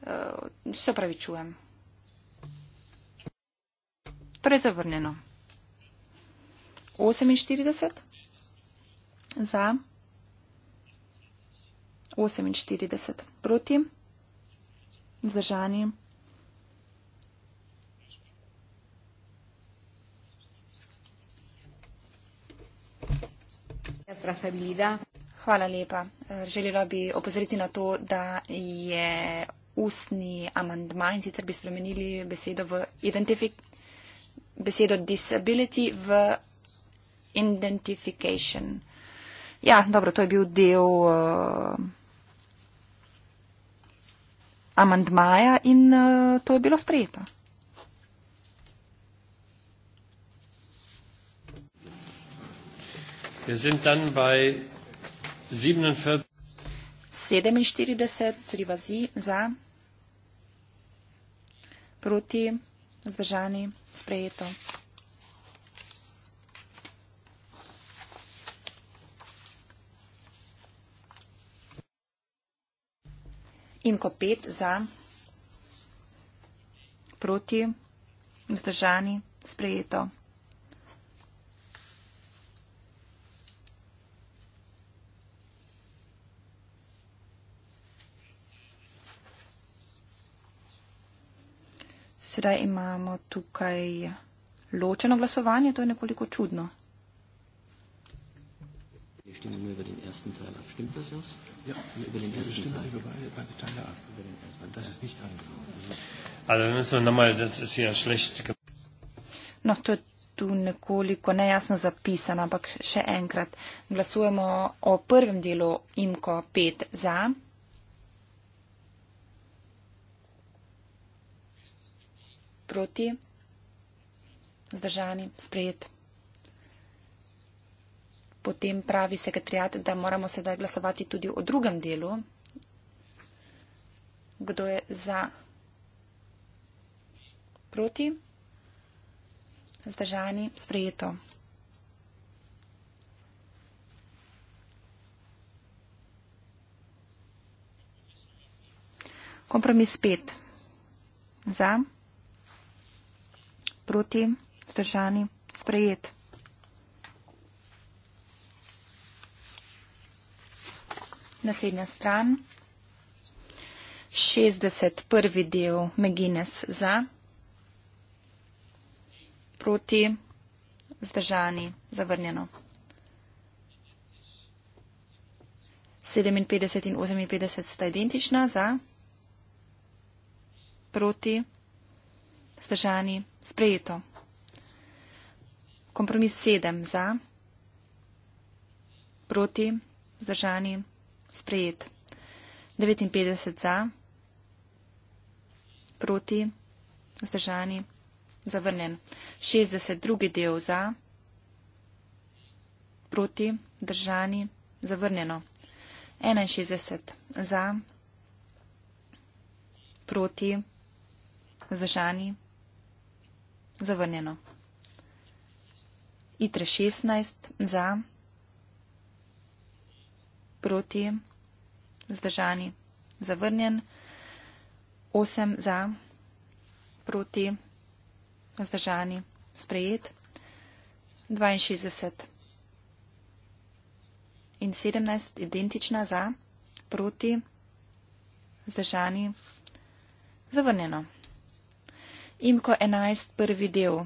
S4: Uh, se pravi, čujem. Torej zavrnjeno. 48 za. 48 proti, zdržani. Hvala lepa. Želela bi opozoriti na to, da je ustni amandma in sicer bi spremenili besedo v identifik besedo disability v identification. Ja, dobro, to je bil del uh, amandmaja in uh, to je bilo sprejeto. Sedeminštirideset, tri vazi za, proti, zdržani, sprejeto. in ko pet za, proti, vzdržani, sprejeto. Sedaj imamo tukaj ločeno glasovanje, to je nekoliko čudno
S1: stimmen wir über den ersten Teil ab. Stimmt das, Jos? Ja, wir über den ersten stimmen Teil. über beide, beide Teile ab. Über den ersten. Das ist nicht angenommen. Also, dann müssen wir nochmal, das ist ja schlecht
S4: No, to je tu nekoliko nejasno zapisano, ampak še enkrat glasujemo o prvem delu IMKO 5 za. Proti. Zdržani. Sprejet potem pravi sekretarjat, da moramo sedaj glasovati tudi o drugem delu. Kdo je za? Proti? Zdržani? Sprejeto. Kompromis 5. Za? Proti? Zdržani? Sprejeto. Naslednja stran. 61. del Megines za. Proti. Vzdržani. Zavrnjeno. 57 in 58 sta identična za. Proti. Vzdržani. Sprejeto. Kompromis 7 za. Proti. Vzdržani sprejet. 59 za, proti, zdržani, zavrnjen. 62 del za, proti, zdržani, zavrnjeno. 61 za, proti, zdržani, zavrnjeno. Itre 16 za, proti, zdržani, zavrnjeno vzdržani, zavrnjen, 8 za, proti, vzdržani, sprejet, 62 in 17 identična za, proti, vzdržani, zavrnjeno. Imko 11, prvi del.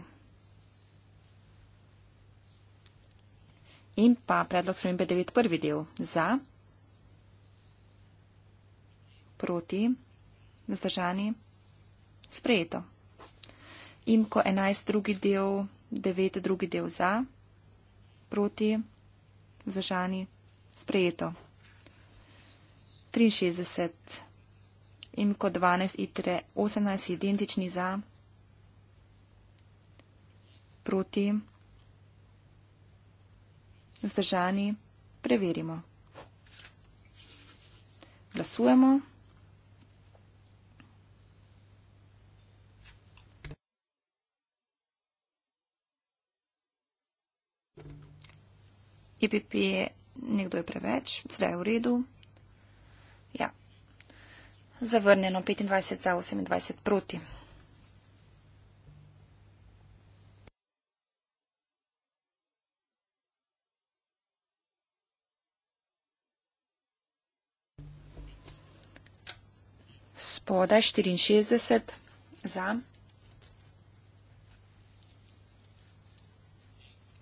S4: In pa predlog spremembe 9, prvi del. Za proti, vzdržani, sprejeto. Imko 11 drugi del, 9 drugi del za, proti, vzdržani, sprejeto. 63. Imko 12 i 3, 18 identični za, proti, vzdržani, preverimo. Glasujemo. IPP je nekdo je preveč, zdaj je v redu. Ja. Zavrnjeno 25 za 28 proti. Spoda 64 za.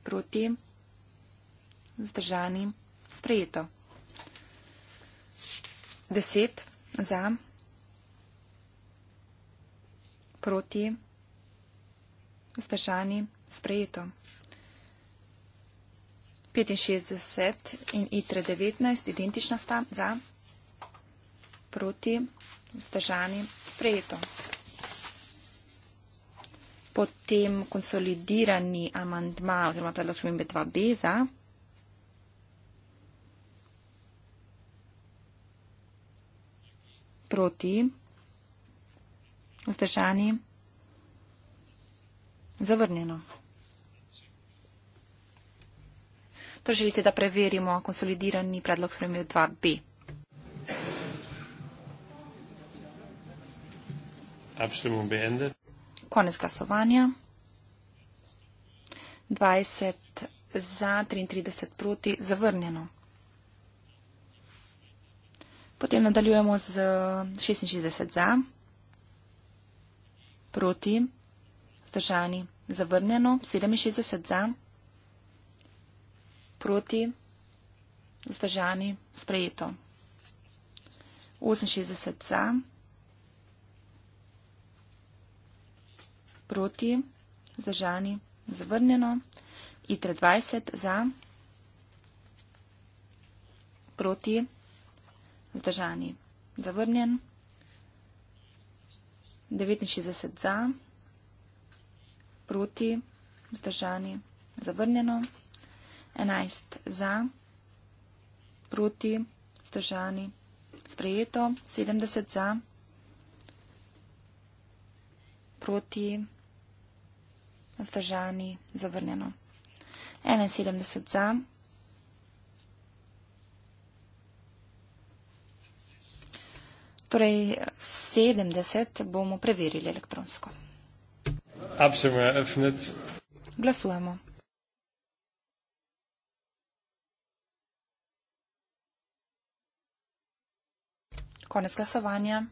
S4: Proti zdržani, sprejeto. Deset za, proti, zdržani, sprejeto. 65 in ITRE 19, identična sta, za, proti, vzdržani, sprejeto. Potem konsolidirani amandma oziroma predlog 2B za, proti, vzdržani, zavrnjeno. To želite, da preverimo konsolidirani predlog spremljiv 2b. Konec glasovanja. 20 za, 33 proti, zavrnjeno. Potem nadaljujemo z 66 za, proti, zdržani, zavrnjeno, 67 za, proti, zdržani, sprejeto. 68 za, proti, zdržani, zavrnjeno, itre 20 za, proti, zdržani, zavrnjeno. Zdržani. Zavrnjen. 69 za. Proti. Zdržani. Zavrnjeno. 11 za. Proti. Zdržani. Sprejeto. 70 za. Proti. Zdržani. Zavrnjeno. 71 za. Proti. Torej, 70 bomo preverili elektronsko. Glasujemo. Konec glasovanja.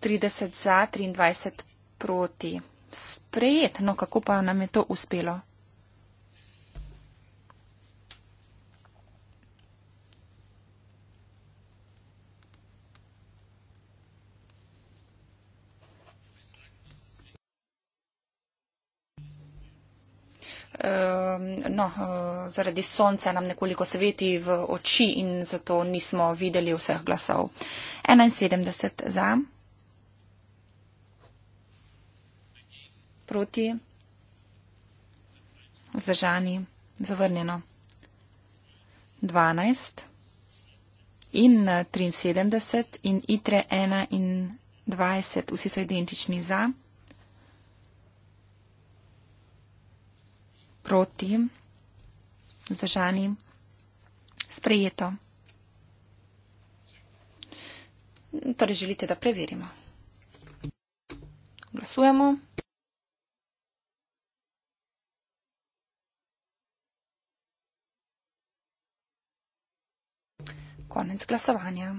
S4: Trideset za, triindvajset proti sprejet, no kako pa nam je to uspelo? Ehm, no, eh, zaradi sonca nam nekoliko sveti v oči in zato nismo videli vseh glasov. 71 za. proti vzdržani zavrnjeno. 12 in 73 eh, in itre 1 in 20, vsi so identični za. Proti vzdržani sprejeto. Torej želite, da preverimo. Glasujemo. Konec glasovanja.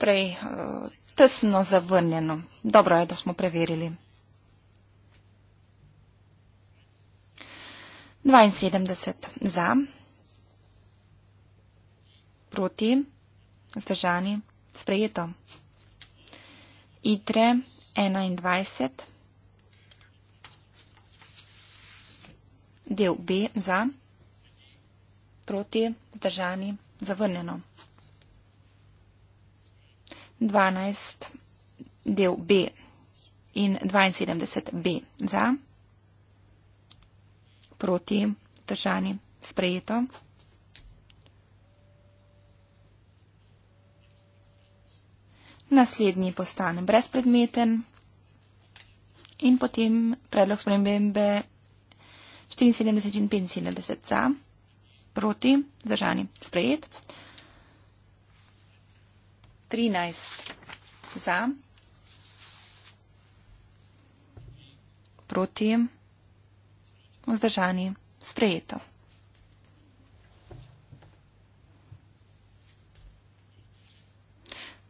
S4: Torej, eh, tesno zavrnjeno. Dobro je, da smo preverili. 72 za, proti, zdržani, sprejeto. Idre 21, del B za, proti zdržani zavrnjeno. 12, del B in 72 B za, proti zdržani sprejeto. naslednji postane brezpredmeten in potem predlog spremembe 74 in 75 za, proti, zdržani, sprejet, 13 za, proti, vzdržani, sprejeto.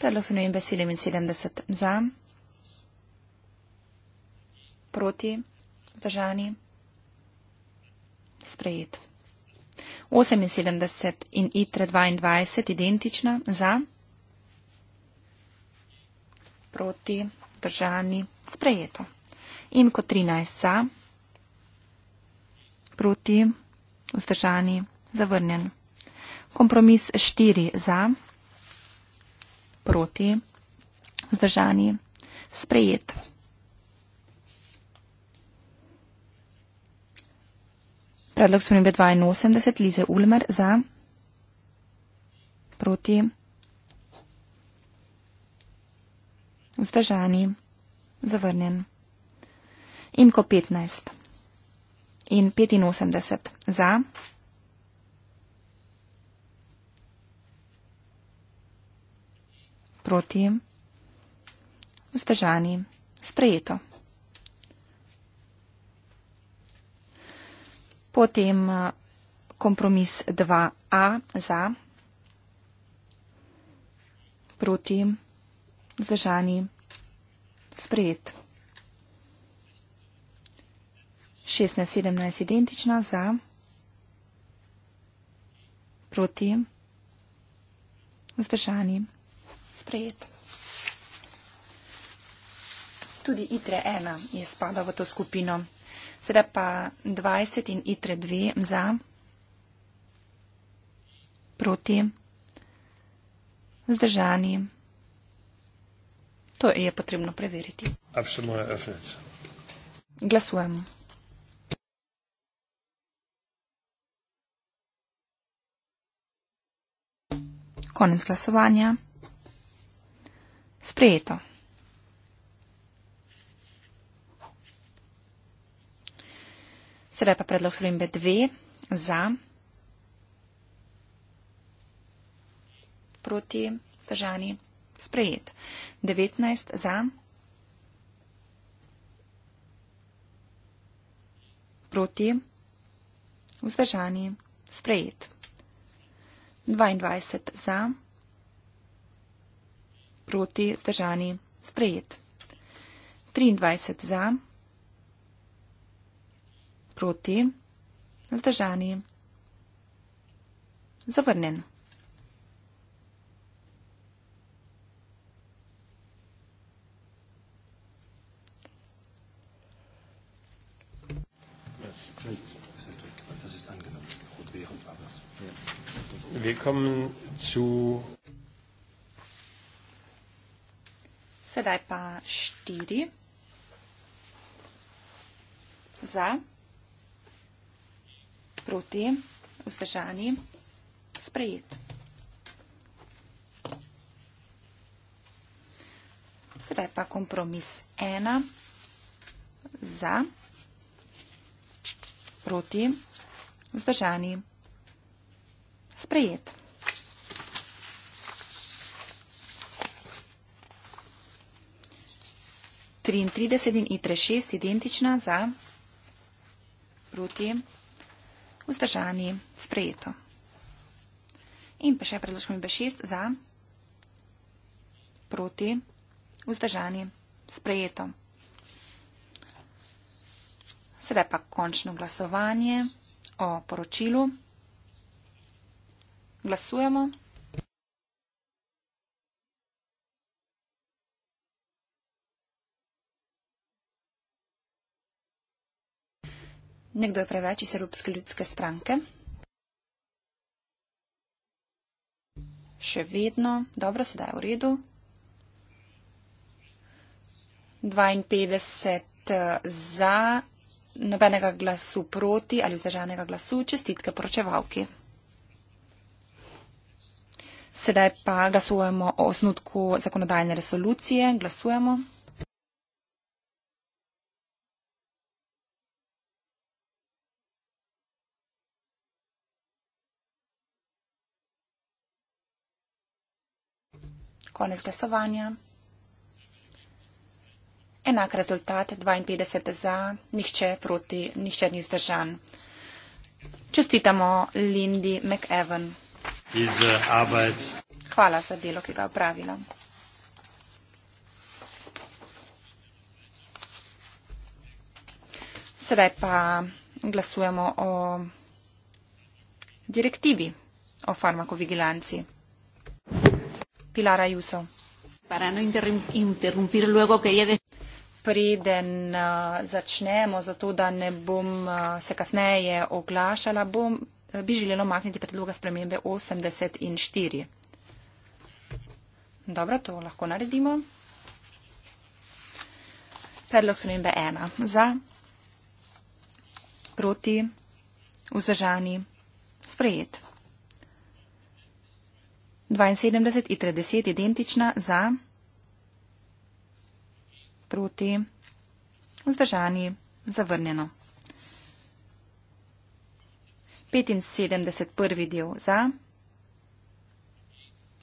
S4: Predlog se nujem besedem in sedemdeset za, proti, vzdržani, sprejet. Osem in sedemdeset in itre dvaindvajset identična za, proti, vzdržani, sprejeto. In kot trinajst za, proti, vzdržani, zavrnjen. Kompromis štiri za proti, vzdržani, sprejet. Predlog spremembe 82, Lize Ulmer za, proti, vzdržani, zavrnjen. Imko 15 in 85 za. proti, vzdržani, sprejeto. Potem eh, kompromis 2a za, proti, vzdržani, sprejet. 16-17 identična za, proti, vzdržani, sprejeto sprejet. Tudi ITRE 1 je spada v to skupino. Sedaj pa 20 in ITRE 2 za, proti, vzdržani. To je potrebno preveriti. Glasujemo. Konec glasovanja. Sprejeto. Sedaj pa predlog spremembe 2 za. Proti. Držani. Sprejet. 19 za. Proti. Vzdržani. Sprejet. 22 za proti zdržani sprejet. 23 za, proti zdržani zavrnen.
S1: Willkommen zu
S4: Sedaj pa štiri za, proti, vzdržani, sprejet. Sedaj pa kompromis ena za, proti, vzdržani, sprejet. 33 in i3 6 identična za proti vzdržani sprejeto. In pa še predložkom b6 za proti vzdržani sprejeto. Sedaj pa končno glasovanje o poročilu.
S2: Glasujemo. Glasujemo.
S4: nekdo je preveč iz Srpske ljudske stranke. Še vedno, dobro, sedaj je v redu. 52 eh, za, nobenega glasu proti ali vzdržanega glasu, čestitke poročevalki. Sedaj pa glasujemo o osnutku zakonodajne resolucije. Glasujemo. Konec glasovanja. Enak rezultat, 52 za, nihče proti, nihče ni zdržan. Čestitamo Lindy McEwen. Eh, Hvala za delo, ki ga opravila. Sedaj pa glasujemo o direktivi o farmakovigilanciji. Pilar Ayuso. Para no interrumpir luego, quería decir. Preden uh, začnemo, zato da ne bom uh, se kasneje oglašala, bom, uh, bi želela omakniti predloga spremembe 80 in 4. Dobro, to lahko naredimo. Predlog spremembe 1. Za, proti, vzdržani, sprejet. 72 i 30 identična za, proti, vzdržani, zavrnjeno. 75 prvi del za,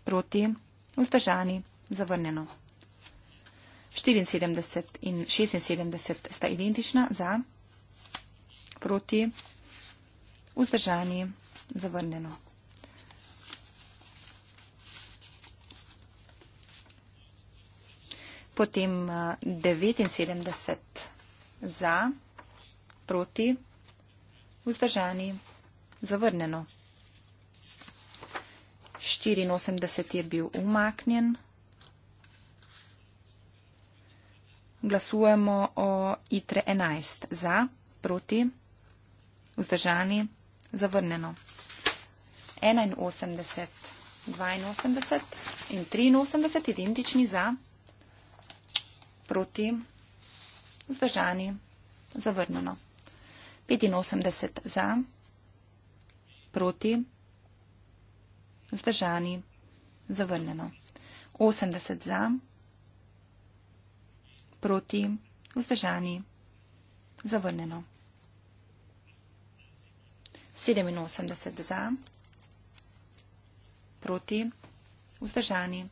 S4: proti, vzdržani, zavrnjeno. 74 in 76 sta identična za, proti, vzdržani, zavrnjeno. Potem 79 eh, za, proti, vzdržani, zavrneno. 84 je bil umaknjen. Glasujemo o ITRE 11 za, proti, vzdržani, zavrneno. 81, 82 in 83 identični za proti, vzdržani, zavrnjeno. 85 za, proti, vzdržani, zavrnjeno. 80 za, proti, vzdržani, zavrnjeno. 87 za, proti, vzdržani,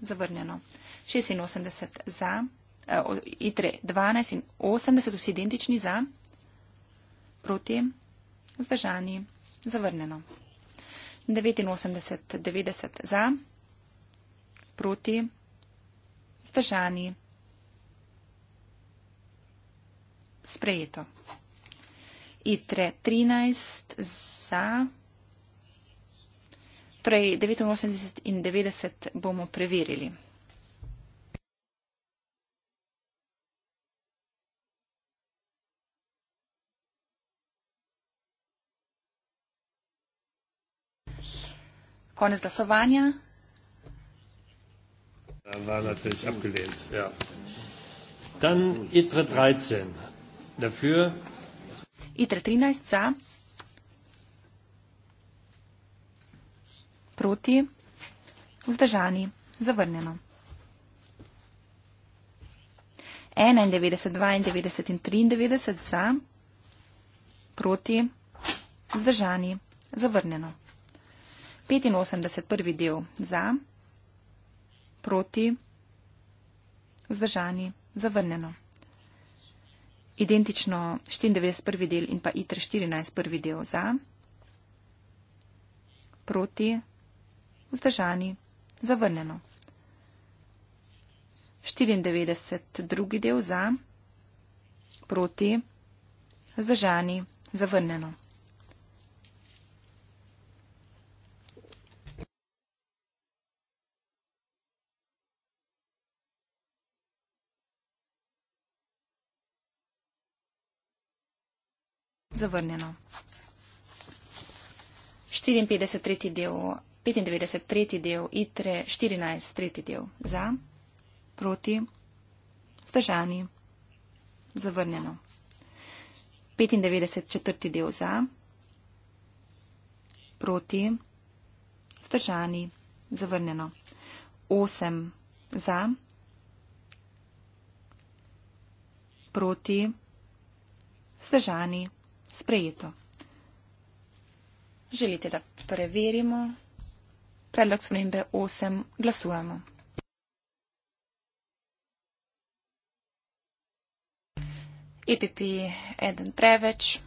S4: zavrnjeno. 86 za, eh, i3 12 in 80 vsi identični za, proti, vzdržani, zavrnjeno. 89, 90 za, proti, vzdržani, sprejeto. I3 13 za, torej 89 in 90 bomo preverili. Konec glasovanja.
S1: Ja. ITRE
S4: 13 za. Proti. Vzdržani. Zavrnjeno. 91, 92 in 93 za. Proti. Zdržani. Zavrnjeno. 85. prvi del za, proti, vzdržani, zavrnjeno. Identično 94. prvi del in pa ITR 14. prvi del za, proti, vzdržani, zavrnjeno. 94. drugi del za, proti, vzdržani, zavrnjeno. zavrnjeno. 54. tretji del, 95. tretji del, ITRE, 14. tretji del, za, proti, zdržani, zavrnjeno. 95. četrti del, za, proti, zdržani, zavrnjeno. 8. za, proti, zdržani, zavrnjeno sprejeto. Želite, da preverimo? Predlog spremembe 8. Glasujemo. EPP 1 preveč.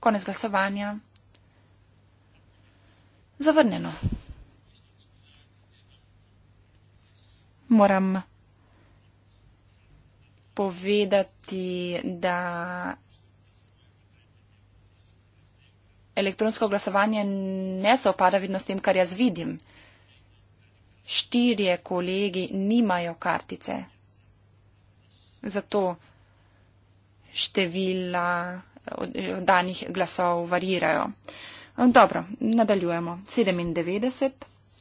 S4: Konec glasovanja. Zavrnjeno. Moram povedati, da elektronsko glasovanje ne sovpada vidno s tem, kar jaz vidim. Štirje kolegi nimajo kartice. Zato števila danih glasov varirajo. Dobro, nadaljujemo. 97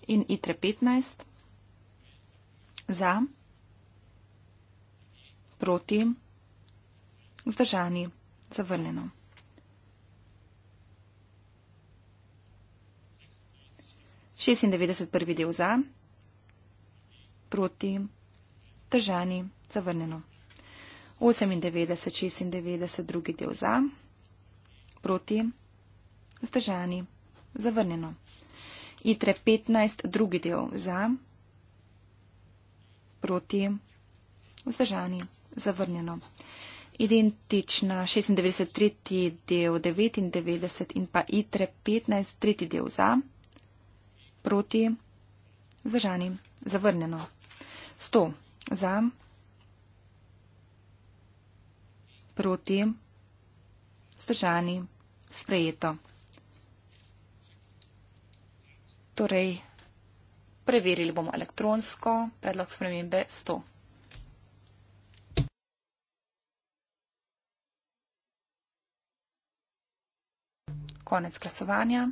S4: in ITRE 15 za, proti, vzdržani, zavrnjeno. 96 prvi del za, proti, držani, zavrnjeno. 98, 96 drugi del za, proti, zdržani, zavrnjeno. ITRE 15 drugi del za, proti, vzdržani, zavrnjeno. Identična 96 tretji del 99 in pa ITRE 15 tretji del za, proti, vzdržani, zavrnjeno proti zažani. Zavrnjeno. 100 za. Proti zdržani. Sprejeto. Torej, preverili bomo elektronsko predlog spremembe 100. Konec glasovanja.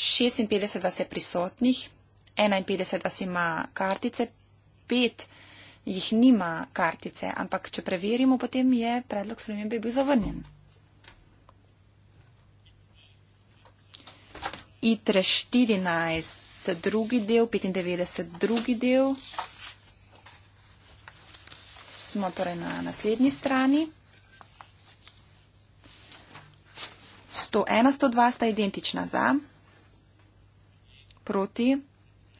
S4: 56 vas je prisotnih, 51 vas ima kartice, 5 jih nima kartice, ampak če preverimo, potem je predlog spremembe bil zavrnjen. ITRE 14, drugi del, 95, drugi del. Smo torej na naslednji strani. 101, 102 sta identična za proti,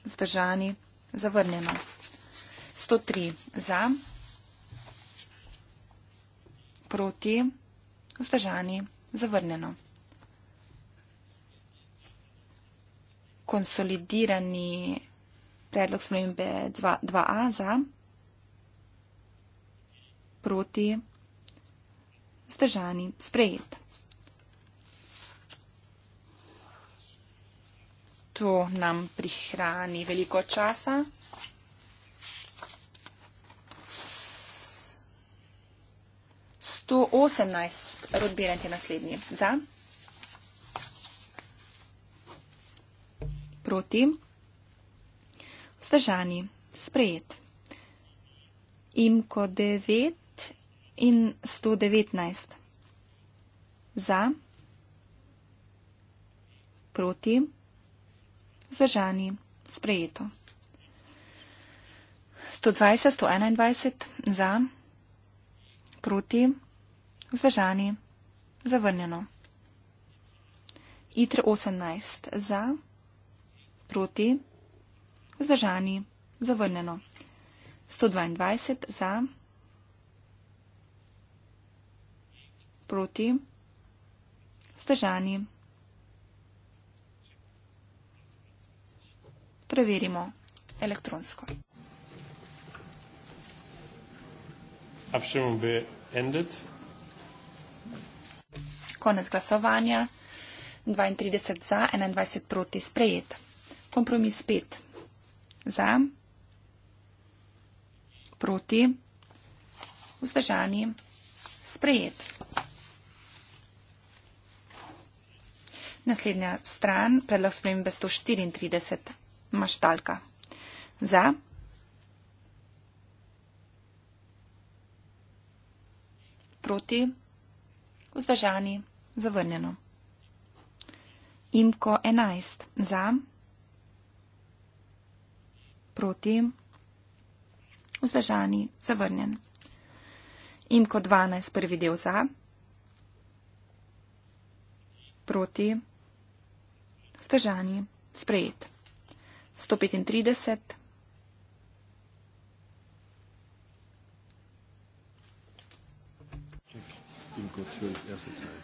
S4: zdržani, zavrnjeno. 103 za, proti, vzdržani, zavrnjeno. Konsolidirani predlog spremembe 2a za, proti, vzdržani, sprejet. To nam prihrani veliko časa. To 18, rodbirant je naslednji. Za? Proti? Vzdržani. Sprejet. Imko 9 in 119. Za? Proti? Proti? vzdržani, sprejeto. 120, 121 za, proti, vzdržani, zavrnjeno. ITR 18 za, proti, vzdržani, zavrnjeno. 122 za, proti, vzdržani, zavrnjeno. preverimo elektronsko. Konec glasovanja. 32 za, 21 proti sprejet. Kompromis 5 za, proti, vzdržani, sprejet. Naslednja stran, predlog spremembe 134 maštalka. Za. Proti. Vzdržani. Zavrnjeno. Imko 11. Za. Proti. Vzdržani. Zavrnjen. Imko 12. Prvi del za. Proti. Vzdržani. Sprejet. 135.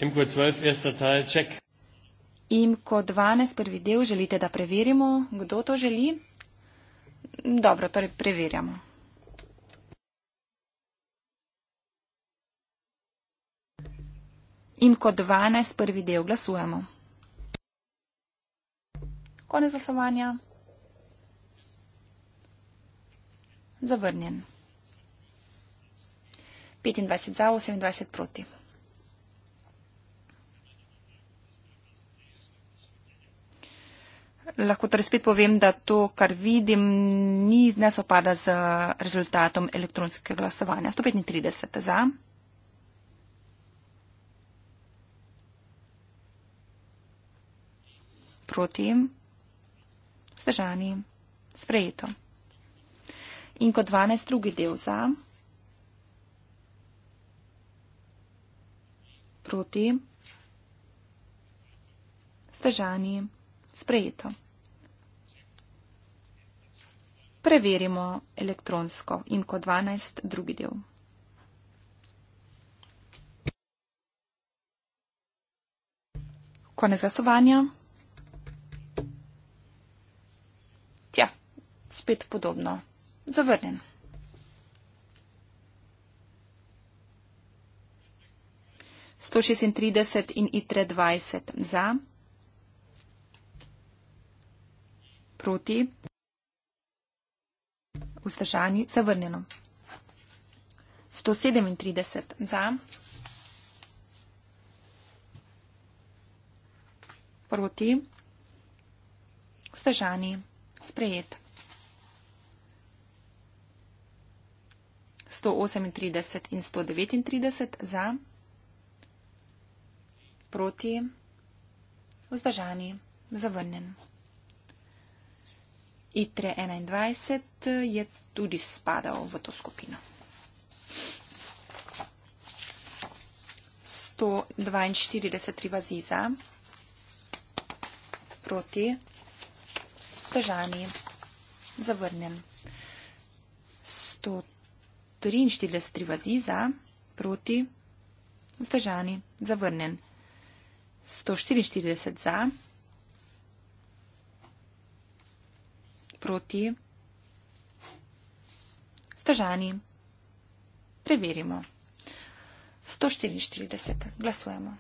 S1: Imko 12, prvi del, ček.
S4: Imko 12, prvi del, želite, da preverimo, kdo to želi? Dobro, torej preverjamo. Imko 12, prvi del, glasujemo. Konec zasavanja. zavrnjen. 25 za, 28 proti. Lahko torej spet povem, da to, kar vidim, ni znesopada z rezultatom elektronskega glasovanja. 135 za. 35 proti. Zdržani. Sprejeto in kot dvanajst drugi del za, proti, vzdržani, sprejeto. Preverimo elektronsko in kot dvanajst drugi del. Konec glasovanja. Tja, spet podobno. Zavrnjen. Sto šestintrideset in itre dvajset za. Proti. Vzdržani. Zavrnjeno. Sto sedemintrideset za. Proti. Vzdržani. Sprejet. 138 in 139 za, proti, vzdržani, zavrnjen. ITRE 21 je tudi spadal v to skupino. 142 rivazi za, proti, vzdržani, zavrnjen. 100 43 in 43 vazi za, proti, vzdržani, zavrnen. 144 za, proti, vzdržani. Preverimo. 144. Glasujemo.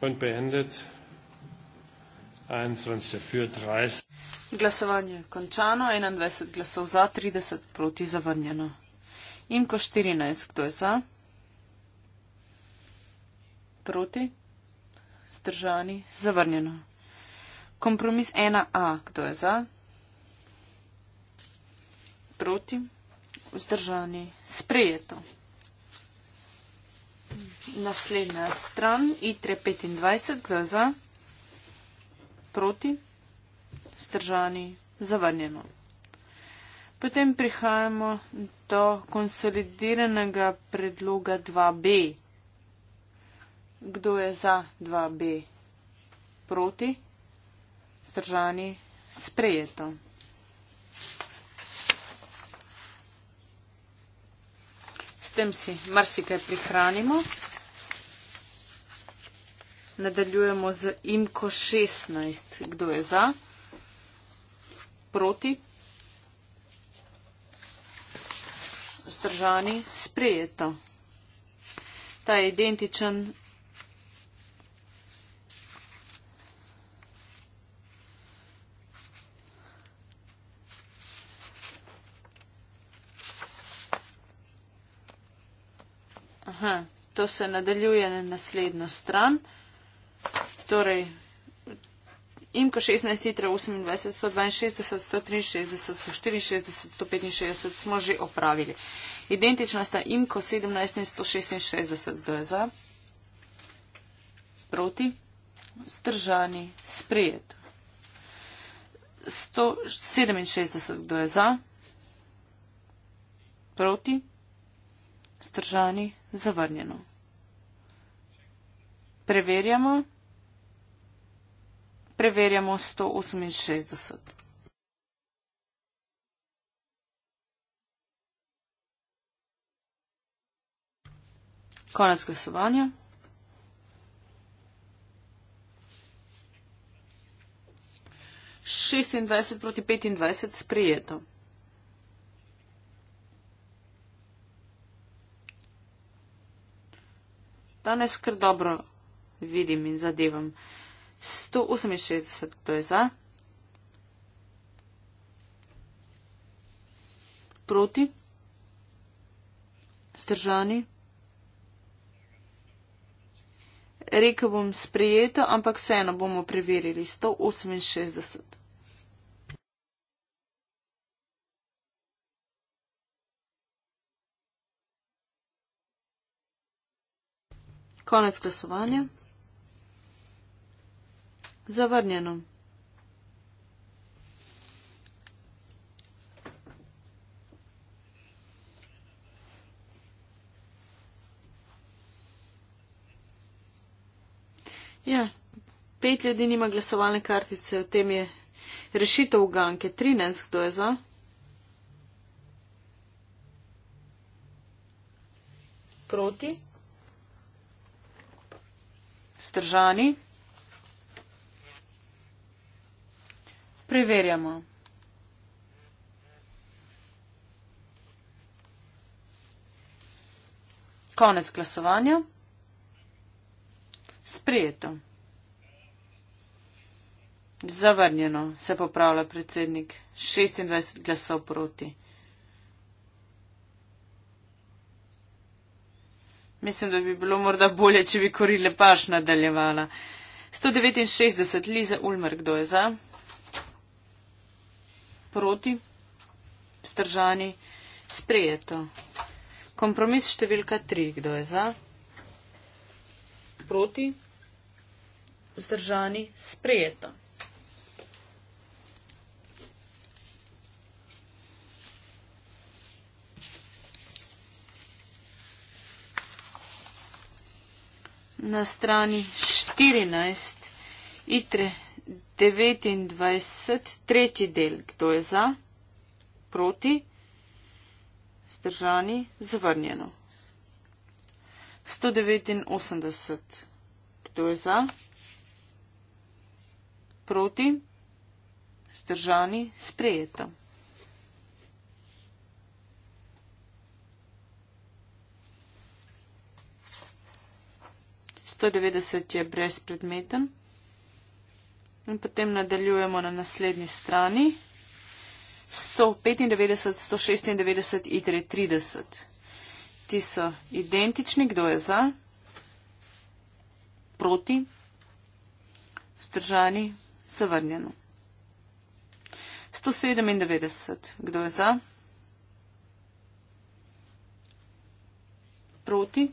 S1: Und beendet 21,
S2: Glasovanje je končano, 21 glasov za, 30 proti zavrnjeno. In ko 14, kdo je za? Proti? Zdržani? Zavrnjeno. Kompromis 1A, kdo je za? Proti? Vzdržani? Sprejeto. Naslednja stran, ITRE 25, kdo je za? proti, stržani, zavrnjeno. Potem prihajamo do konsolidiranega predloga 2b. Kdo je za 2b? Proti, stržani, sprejeto. S tem si marsikaj prihranimo. Nadaljujemo z IMKO 16. Kdo je za? Proti? Zdržani? Sprejeto. Ta je identičen. Aha, to se nadaljuje na naslednjo stran. Torej, imko 16, 28, 162, 163, 164, 165 smo že opravili. Identična sta imko 17 in 166 DZ. Proti. Zdržani. Sprijet. 167 kdo je za, proti, zdržani, zavrnjeno. Preverjamo preverjamo 168. Konec glasovanja. Šestindvajset proti petindvajset sprijeto. Danes kar dobro vidim in zadevam. 168, to je za. Proti. Zdržani. Rekel bom sprejeto, ampak vseeno bomo preverili. 168. Konec glasovanja. Zavrnjeno. Ja, pet ljudi nima glasovalne kartice, v tem je rešitev uganke. 13, kdo je za? Proti? Zdržani? Preverjamo. Konec glasovanja. Sprijeto. Zavrnjeno se popravlja predsednik. 26 glasov proti. Mislim, da bi bilo morda bolje, če bi korile paš nadaljevala. 169 Lize Ulmer, kdo je za? proti, stržani, sprejeto. Kompromis številka tri, kdo je za, proti, stržani, sprejeto. Na strani 14 itre 29, tretji del, kdo je za, proti, zdržani, zavrnjeno. 189, kdo je za, proti, zdržani, sprejeta. Sto devetdeset je brezpredmeten in potem nadaljujemo na naslednji strani. 195, 196, itere 30. Ti so identični, kdo je za, proti, zdržani, zavrnjeno. 197, kdo je za, proti,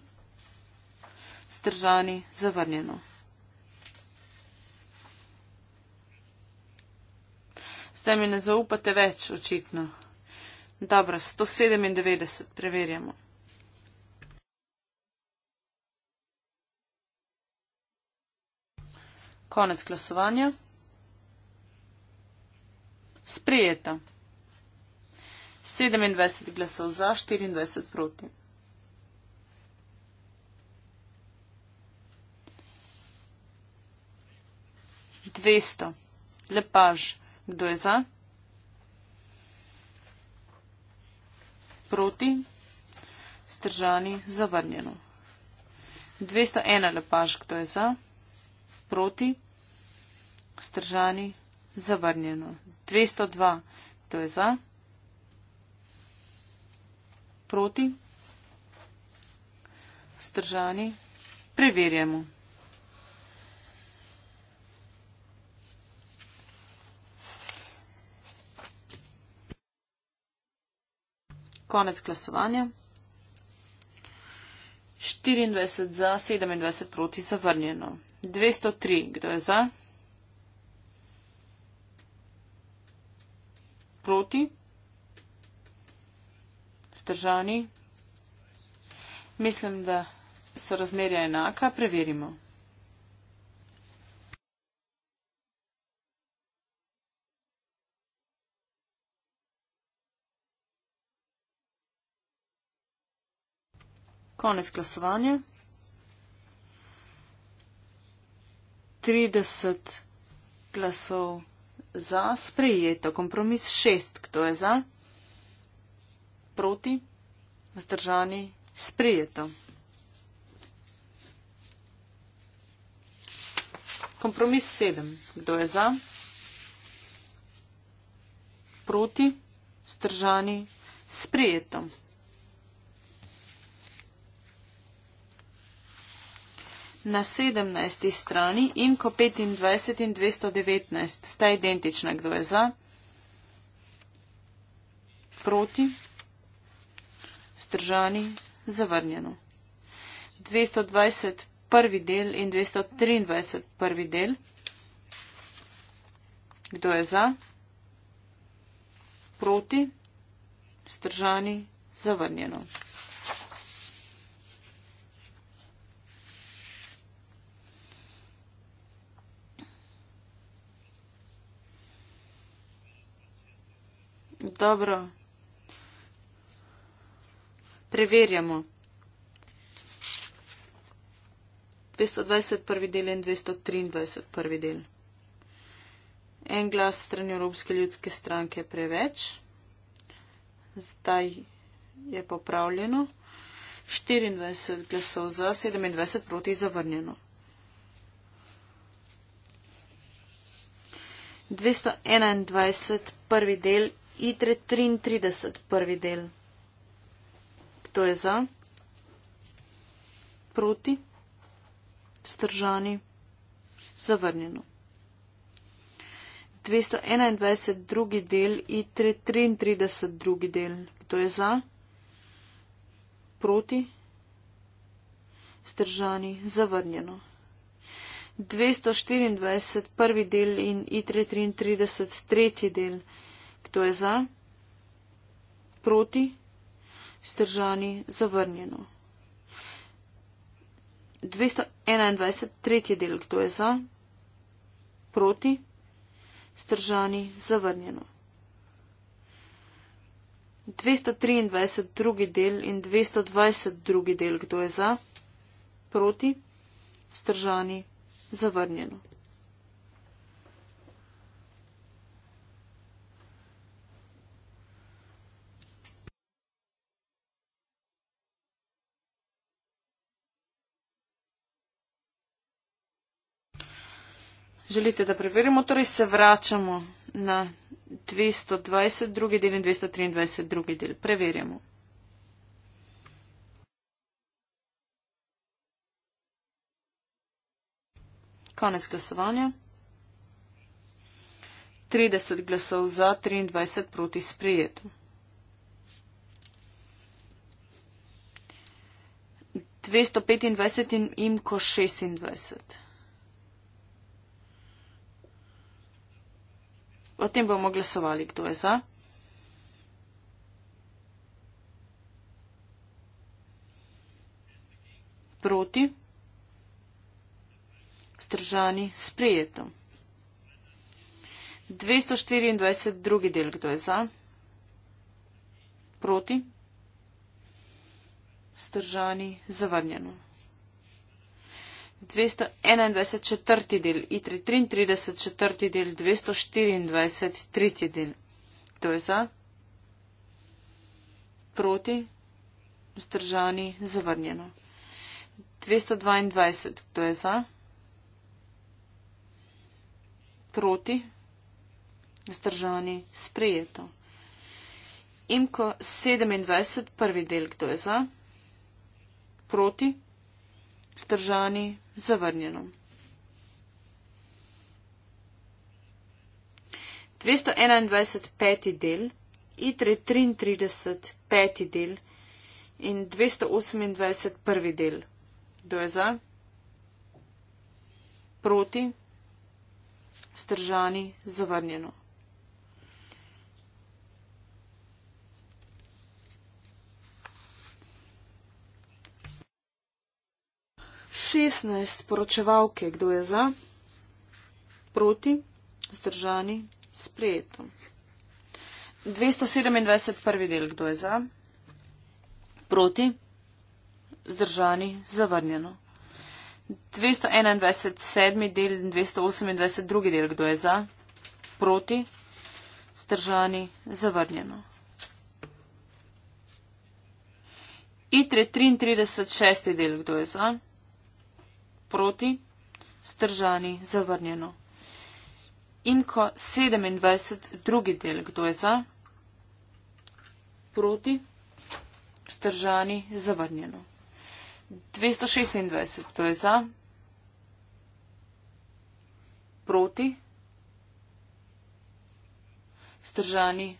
S2: zdržani, zavrnjeno. Zdaj mi ne zaupate več, očitno. Dobro, 197, preverjamo. Konec glasovanja. Sprijeta. 27 glasov za, 24 proti. Dvesto. Lepaž. Kdo je za? Proti? Stržani? Zavrnjeno. 201 lepaž, kdo je za? Proti? Stržani? Zavrnjeno. 202, kdo je za? Proti? Stržani? Preverjamo. Konec glasovanja. 24 za, 27 proti, zavrnjeno. 203, kdo je za? Proti? Zdržani? Mislim, da so razmerja enaka. Preverimo. Konec glasovanja. 30 glasov za sprejeto kompromis, 6 kdo je za, proti, vzdržani, sprejeto. Kompromis 7, kdo je za, proti, vzdržani, sprejeto. na 17. strani in ko 25 in 219 sta identična, kdo je za, proti, stržani, zavrnjeno. 220 prvi del in 223 prvi del, kdo je za, proti, stržani, zavrnjeno. Dobro. Preverjamo. 220 prvi del in 223 prvi del. En glas strani Evropske ljudske stranke preveč. Zdaj je popravljeno. 24 glasov za, 27 proti zavrnjeno. 221 prvi del Itre 33, prvi del. To je za, proti, stržani, zavrnjeno. 221, drugi del, itre 33, drugi del. To je za, proti, stržani, zavrnjeno. 224, prvi del in itre 33, tretji del. Kdo je za? Proti? Stržani? Zavrnjeno. 221. Tretji del. Kdo je za? Proti? Stržani? Zavrnjeno. 223. Drugi del in 220. Drugi del. Kdo je za? Proti? Stržani? Zavrnjeno. Želite, da preverimo, torej se vračamo na 220, drugi del in 223, drugi del. Preverjamo. Konec glasovanja. 30 glasov za, 23 proti sprijetu. 225 in imko 26. O tem bomo glasovali, kdo je za. Proti. Vzdržani. Sprijeto. 224. drugi del, kdo je za. Proti. Vzdržani. Zavrnjeno. 221 četrti del, I3 33 četrti del, 224 tretji del. To je za, proti, vzdržani, zavrnjeno. 222, to je za, proti, vzdržani, sprejeto. Imko 27, prvi del, kdo je za? Proti, vzdržani, zavrnjeno. 221. peti del, I3 33. peti del in 228. prvi del. Kdo je za? Proti, vzdržani, zavrnjeno. 16 poročevalke, kdo je za, proti, zdržani, sprejeto. 227 prvi del, kdo je za, proti, zdržani, zavrnjeno. 221 sedmi del in 228 drugi del, kdo je za, proti, zdržani, zavrnjeno. ITRE 33 šesti del, kdo je za? proti, vzdržani, zavrnjeno. Imko 27, drugi del, kdo je za, proti, vzdržani, zavrnjeno. 226, kdo je za, proti, vzdržani,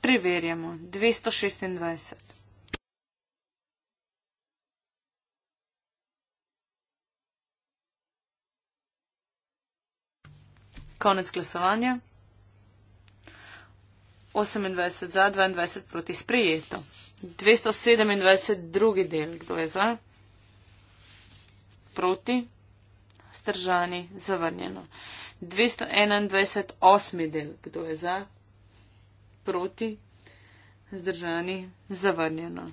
S2: preverjamo, 226. Konec glasovanja. 28 za, 22 proti sprejeto. 227 drugi del, kdo je za? Proti? Stržani, zavrnjeno. 221 osmi del, kdo je za? Proti? Zdržani, zavrnjeno.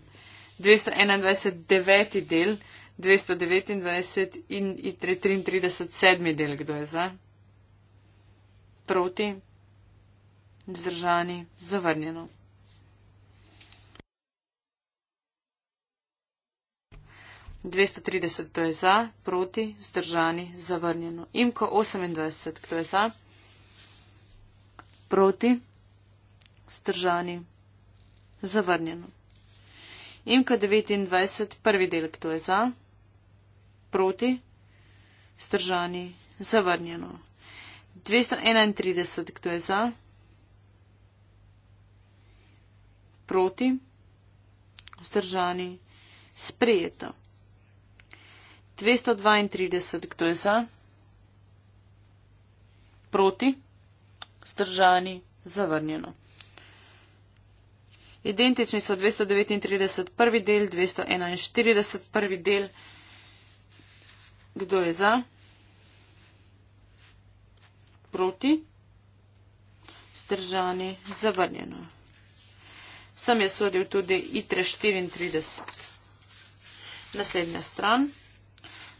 S2: 221 deveti del, 229 in 33 sedmi del, kdo je za? proti, zdržani, zavrnjeno. Dvesto trideset, kdo je za, proti, zdržani, zavrnjeno. Imko osemindvajset, kdo je za, proti, zdržani, zavrnjeno. Imko devetindvajset, prvi del, kdo je za, proti, zdržani, zavrnjeno. 231, kdo je za? Proti? Vzdržani? Sprijeto. 232, kdo je za? Proti? Vzdržani? Zavrnjeno. Identični so 239 prvi del, 241 prvi del. Kdo je za? proti, zdržani, zavrnjeno. Sem je sodil tudi ITRE 34. Naslednja stran.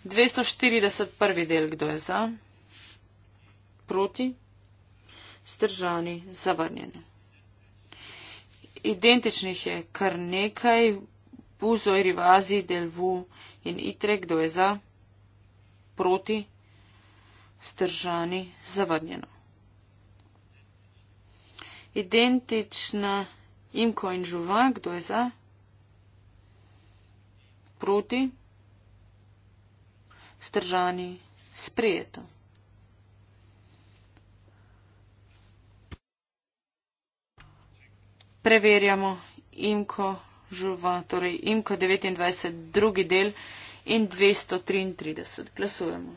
S2: 240 prvi del, kdo je za, proti, zdržani, zavrnjeni. Identičnih je kar nekaj, Buzo, Rivazi, Delvu in Itre, kdo je za, proti, vzdržani, zavrnjeno. Identična imko in žuva, kdo je za? Proti, vzdržani, sprijeto. Preverjamo imko žuva, torej imko 29, drugi del in 233. Glasujemo.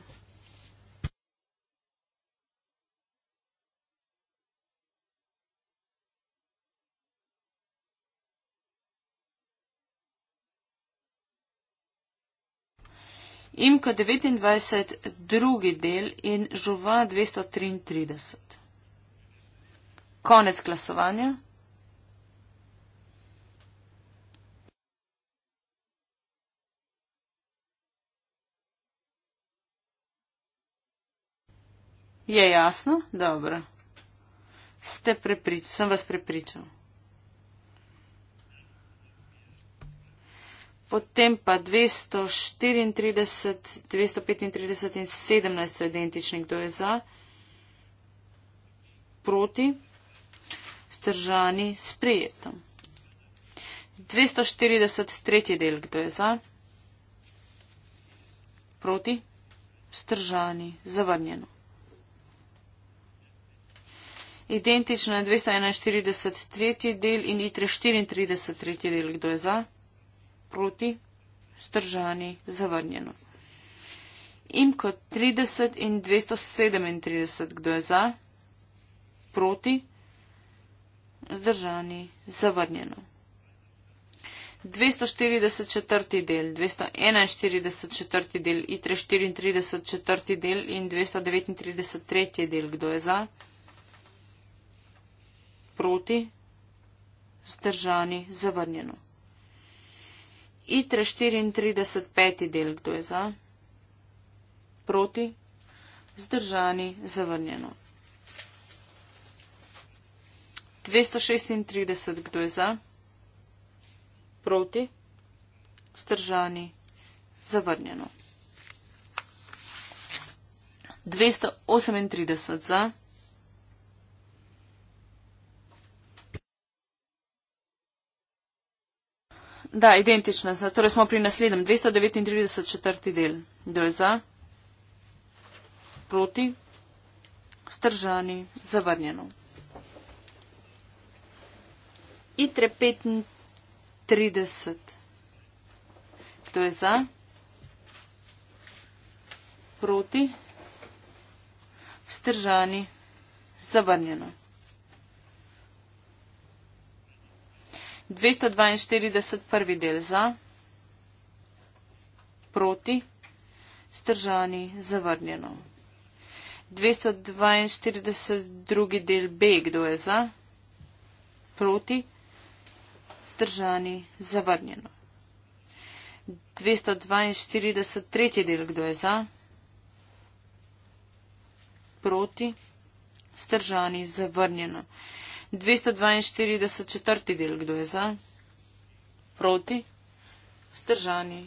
S2: Imka 29, drugi del in Žuva 233. Konec glasovanja. Je jasno? Dobro. Ste prepričali, sem vas prepričal. potem pa 234, 235 in 17 so identični, kdo je za, proti, stržani, sprijeto. 240, tretji del, kdo je za, proti, stržani, zavrnjeno. Identično je 241, tretji del in itre 34, tretji del, kdo je za proti, stržani, zavrnjeno. In kot 30 in 237, kdo je za, proti, zdržani, zavrnjeno. 240 četrti del, 241 četrti del, i 34 četrti del in 239 tretji del, kdo je za, proti, zdržani, zavrnjeno. ITRE 34, peti del, kdo je za? Proti? Zdržani, zavrnjeno. 236, kdo je za? Proti? Zdržani, zavrnjeno. 238 za. Da, identična. Torej smo pri naslednjem. 239 četrti del. Kdo je za? Proti? Stržani? Zavrnjeno. Itre 35. Kdo je za? Proti? Stržani? Zavrnjeno. 242 prvi del za, proti, stržani, zavrnjeno. 242 drugi del B, kdo je za, proti, stržani, zavrnjeno. 242 tretji del, kdo je za, proti, stržani, zavrnjeno. 242. četrti del, kdo je za? Proti? Zdržani.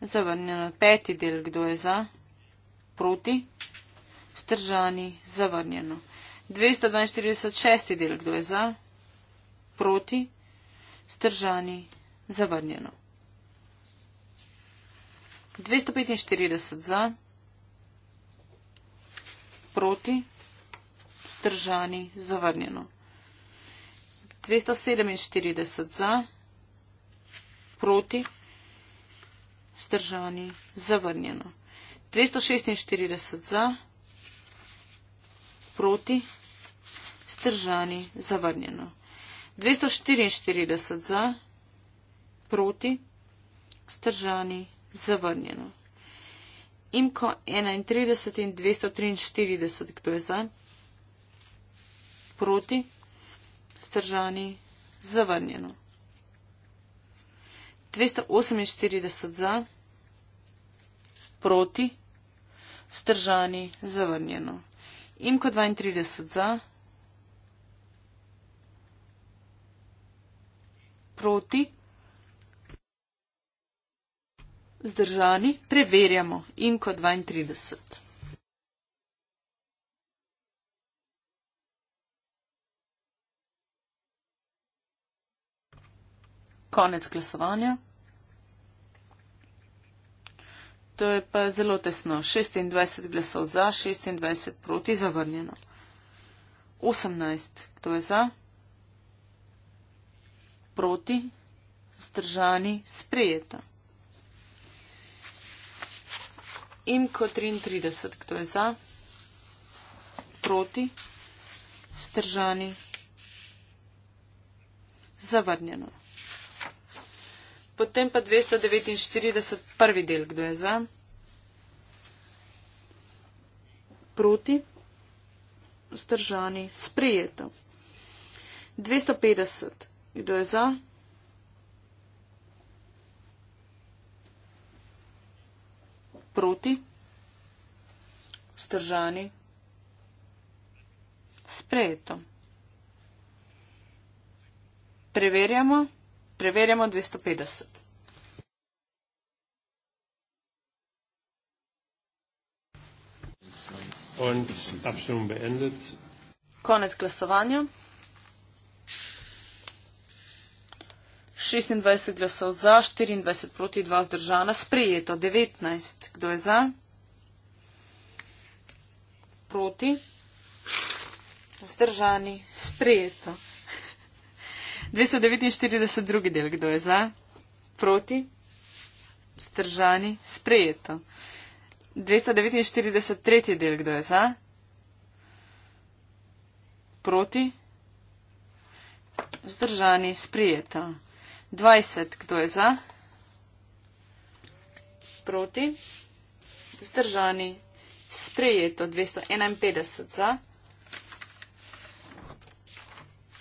S2: Zavrnjeno. Peti del, kdo je za? Proti? Zdržani. Zavrnjeno. 242. del, kdo je za? Proti? Zdržani. Zavrnjeno. 245 za, proti, vzdržani, zavrnjeno. 247 za, proti, vzdržani, zavrnjeno. 246 za, proti, vzdržani, zavrnjeno. 244 za, proti, vzdržani, zavrnjeno. Imko 31 in 243, kdo je za? proti, stržani, zavrnjeno. 248 za, proti, stržani, zavrnjeno. Imko 32 za, proti, zdržani, preverjamo. Imko 32 za. konec glasovanja. To je pa zelo tesno. 26 glasov za, 26 proti, zavrnjeno. 18, kdo je za? Proti, vzdržani, sprejeta. Imko 33, kdo je za? Proti, vzdržani, zavrnjeno. Potem pa 249. prvi del, kdo je za. Proti. Zdržani. Sprijeto. 250. Kdo je za? Proti. Zdržani. Sprejeto. Preverjamo. Preverjamo 250.
S1: Und Abstimmung beendet.
S2: Konec glasovanja. 26 glasov za, 24 proti, 2 vzdržana. Sprejeto. 19. Kdo je za? Proti. Vzdržani. Sprejeto. 249. drugi del, kdo je za, proti, stržani, sprejeto. 249. tretji del, kdo je za, proti, stržani, sprejeto. 20. kdo je za, proti, stržani, sprejeto. 251. za,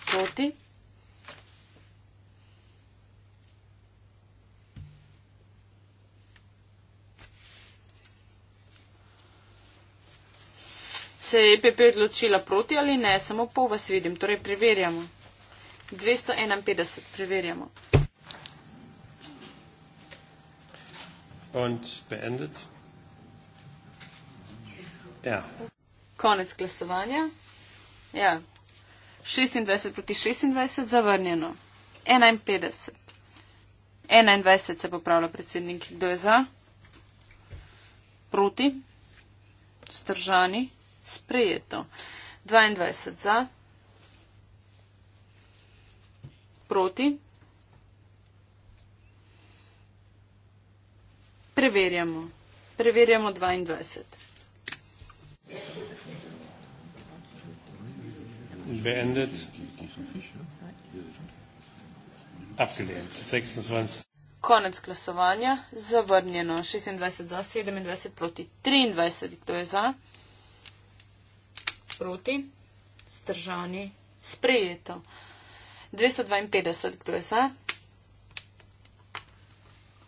S2: proti, se je EPP odločila proti ali ne, samo pol vas vidim, torej preverjamo. 251, preverjamo.
S1: Und beendet. Ja.
S2: Konec glasovanja. Ja. 26 proti 26, zavrnjeno. 51. 21 se popravlja predsednik. Kdo je za? Proti? Stržani? sprejeto. 22 za, proti. Preverjamo. Preverjamo 22.
S1: Beendet. Abgelehnt. 26.
S2: Konec glasovanja. Zavrnjeno. 26 za, 27 proti 23. Kdo je za? proti, zdržani, sprejeto. 252, kdo je za,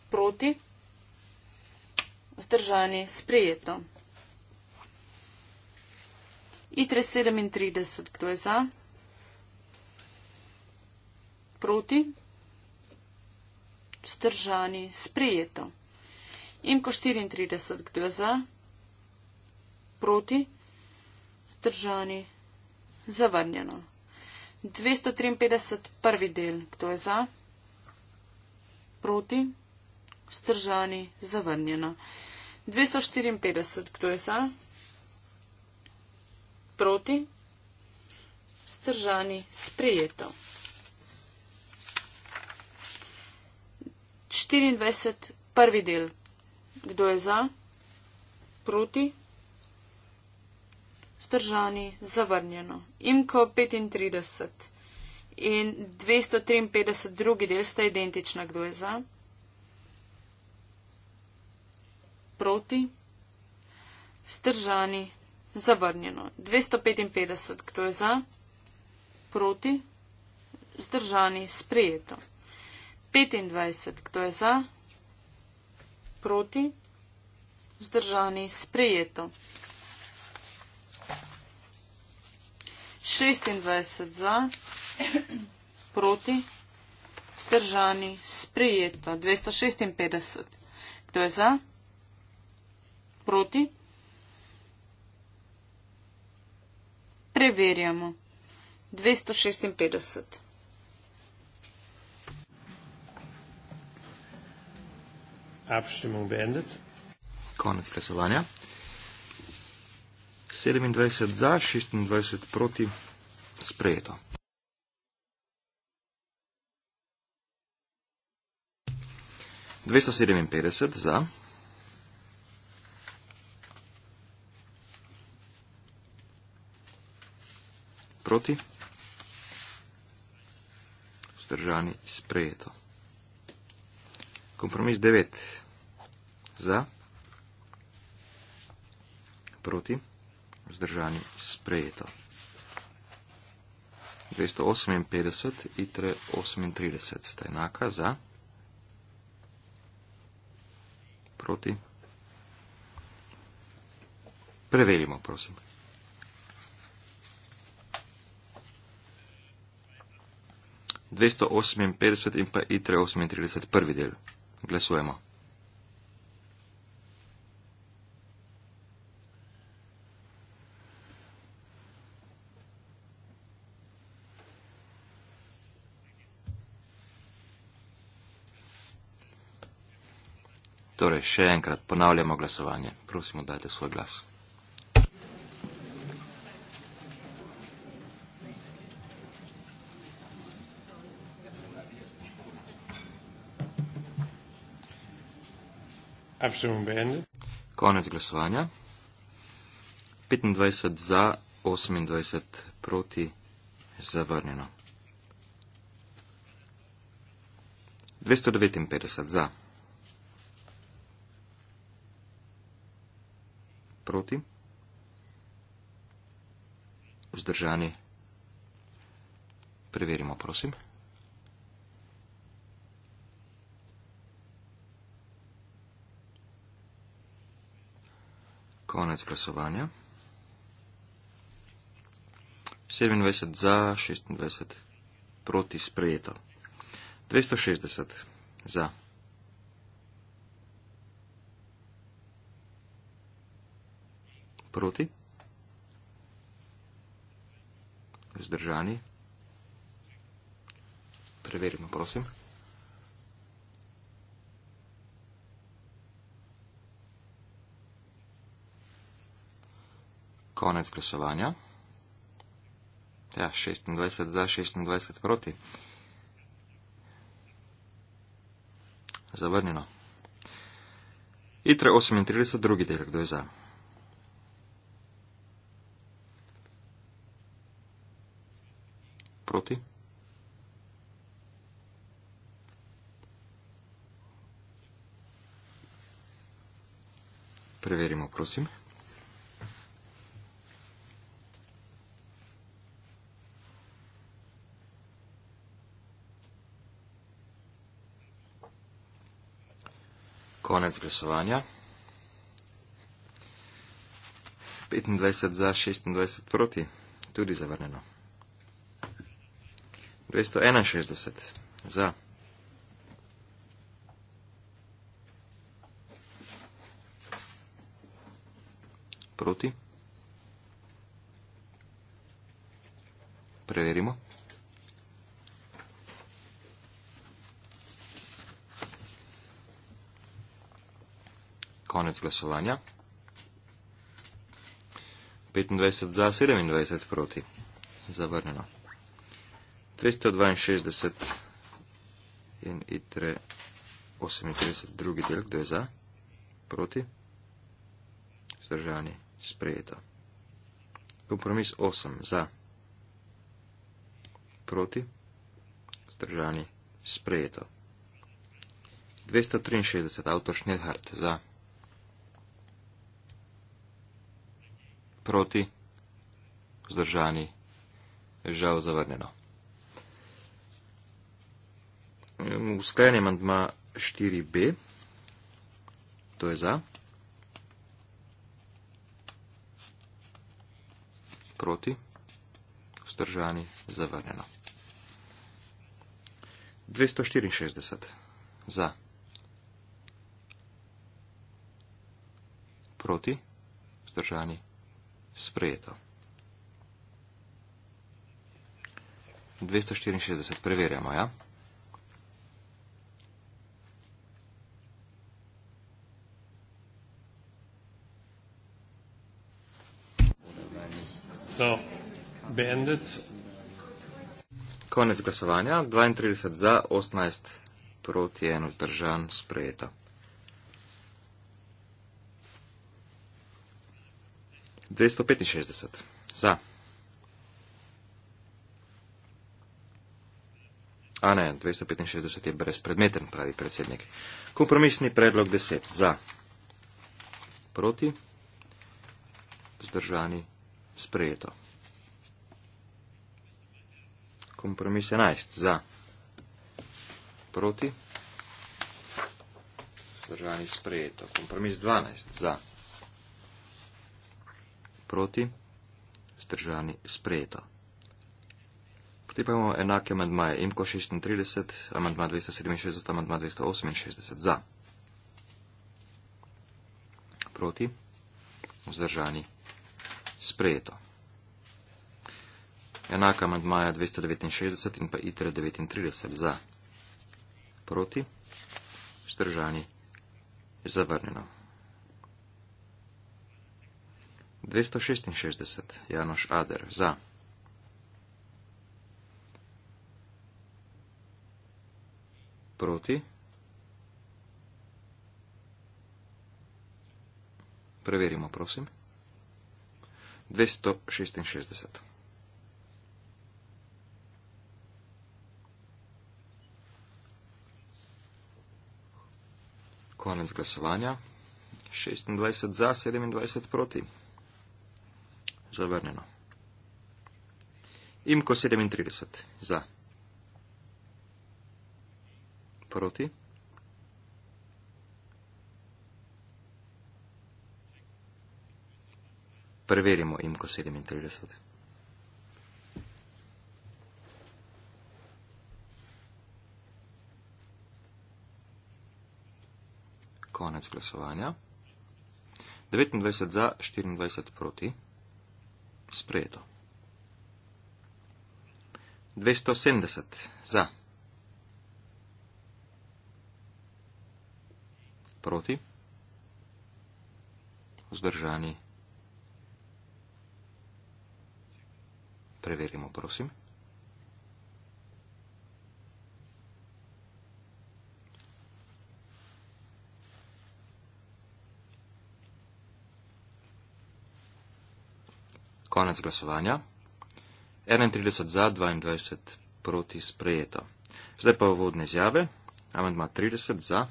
S2: proti, zdržani, sprejeto. ITRE 37, kdo je za, proti, zdržani, sprejeto. IMKO 34, kdo je za, proti, zdržani, sprejeto vzdržani. Zavrnjeno. 253. prvi del. Kdo je za? Proti. Vzdržani. Zavrnjeno. 254. Kdo je za? Proti. Vzdržani. Sprijeto. 24. prvi del. Kdo je za? Proti vzdržani, zavrnjeno. Imko 35 in 253 drugi del sta identična, kdo je za. Proti, vzdržani, zavrnjeno. 255, kdo je za, proti, vzdržani, sprejeto. 25, kdo je za, proti, vzdržani, sprejeto. 26 za, proti, vzdržani, sprijeto, 256. Kdo je za? Proti? Preverjamo. 256.
S1: Abstimmung beendet.
S3: Konec glasovanja. 27 za, 26 proti, sprejeto. Dvesto sedeminpetdeset za, proti, vzdržani, sprejeto. Kompromis devet za, proti vzdržani sprejeto. 258 itre 38 sta enaka za proti. Preverimo, prosim. Dvesto osemintrideset in pa itre osemintrideset prvi del. Glasujemo. Torej, še enkrat ponavljamo glasovanje. Prosimo, dajte svoj glas. Konec glasovanja. 25 za, 28 proti, zavrnjeno. 259 za. proti, vzdržani, preverimo, prosim. Konec glasovanja. 27 za, 26 proti sprejeto. 260 za. proti, zdržani. Preverimo, prosim. Konec glasovanja. Ja, 26 za, 26 proti. Zavrnjeno. ITRE 38, drugi del, kdo je za? proti. Preverimo, prosim. Konec glasovanja. 25 za, 26 proti. Tudi zavrneno. 261 za. Proti. Preverimo. Konec glasovanja. 25 za, 27 proti. Zavrnjeno. 262 in i3, 38, drugi del, kdo je za, proti, vzdržani, sprejeto. Kompromis 8, za, proti, vzdržani, sprejeto. 263, avtor Schnellhardt, za, proti, vzdržani, žal zavrneno. Ehm, usklajen je mandma 4b, to je za, proti, vzdržani, zavrnjeno. 264 za, proti, vzdržani, sprejeto. 264 preverjamo, ja? 264. so bendec. Konec glasovanja. 32 za, 18 proti, 1 vzdržan, sprejeto. Dvesto petinšestdeset za. A ne, dvesto petinšestdeset je brezpredmeten, pravi predsednik. Kompromisni predlog deset za. Proti. Zdržani sprejeto. Kompromis 11 za, proti, vzdržani sprejeto. Kompromis 12 za, proti, vzdržani sprejeto. Potem imamo enake amandmaje IMKO 36, amandma 267, amandma 268 za, proti, vzdržani sprejeto sprejeto. Enaka amantmaja 269 in pa ITRE 39 za proti, stržani je zavrnjeno. 266 Janoš Ader za. 266. Konec glasovanja. 26 za, 27 proti. Zavrnjeno. Imko 37 za. Proti. Preverimo imko 37. Konec glasovanja. 29 za, 24 proti. Sprejeto. 270 za. Proti. Vzdržani Preverimo, prosim. Konec glasovanja. 31 za, 22 proti sprejeto. Zdaj pa uvodne izjave. Amendma 30 za,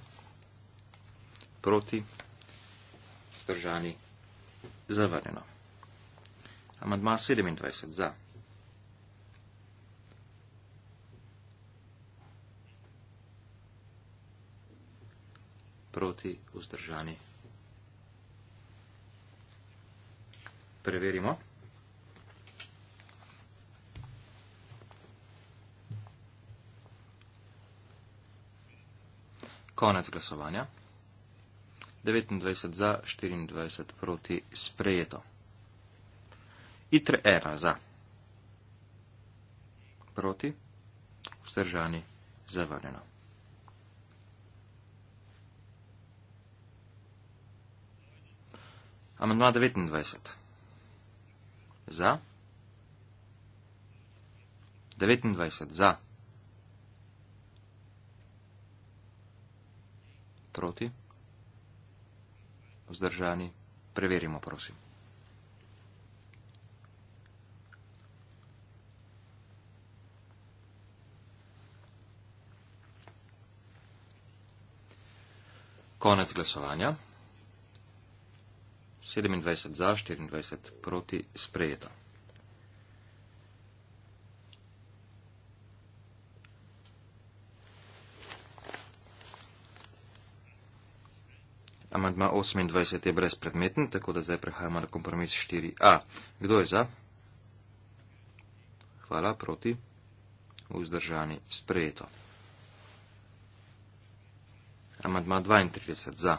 S3: proti, zdržani, zavrnjeno. Amendma 27 za. proti vzdržani. Preverimo. Konec glasovanja. 29 za, 24 proti sprejeto. ITRE ERA za. Proti. Vzdržani. Zavrnjeno. Amandma 29. Za? 29. Za. Proti? Vzdržani? Preverimo, prosim. Konec glasovanja. 27 za, 24 proti sprejeta. Amandma 28 je brezpredmeten, tako da zdaj prehajamo na kompromis 4a. Kdo je za? Hvala, proti. Vzdržani, sprejeto. Amandma 32 za.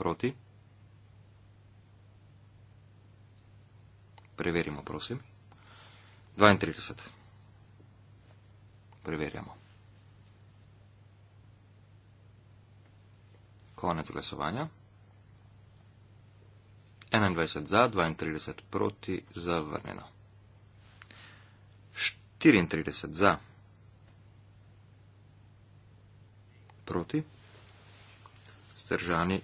S3: proti. Preverimo, prosim. 32. Preverjamo. Konec glasovanja. 21 za, 32 proti, zavrnjeno. 34 za, proti, zdržani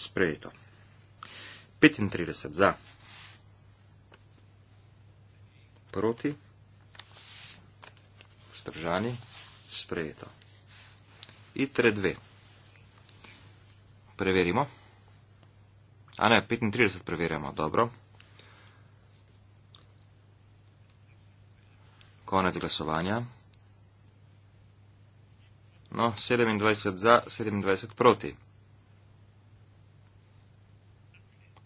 S3: sprejeto. 35 za, proti, vzdržani, sprejeto. ITRE 2. Preverimo. A ne, 35 preverjamo, dobro. Konec glasovanja. No, 27 za, 27 proti.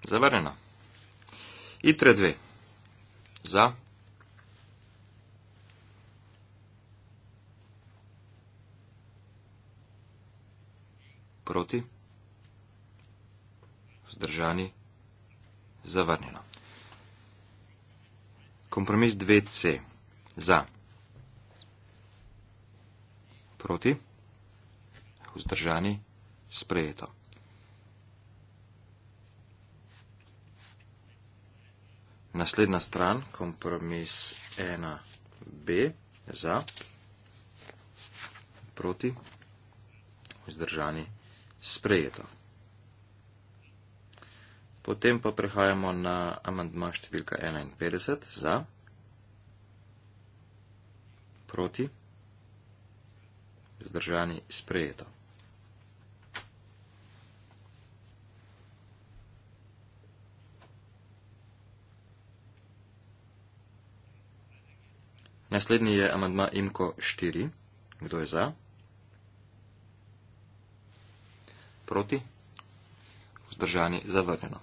S3: Zavrnjeno. ITRE 2. Za. Proti. Zdržani. Zavrnjeno. Kompromis 2C. Za. Proti. Vzdržani. Sprejeto. Naslednja stran, kompromis 1b za, proti, vzdržani, sprejeto. Potem pa prehajamo na amandma številka 51 za, proti, vzdržani, sprejeto. Naslednji je amadma Imko 4. Kdo je za? Proti? Vzdržani zavrnjeno.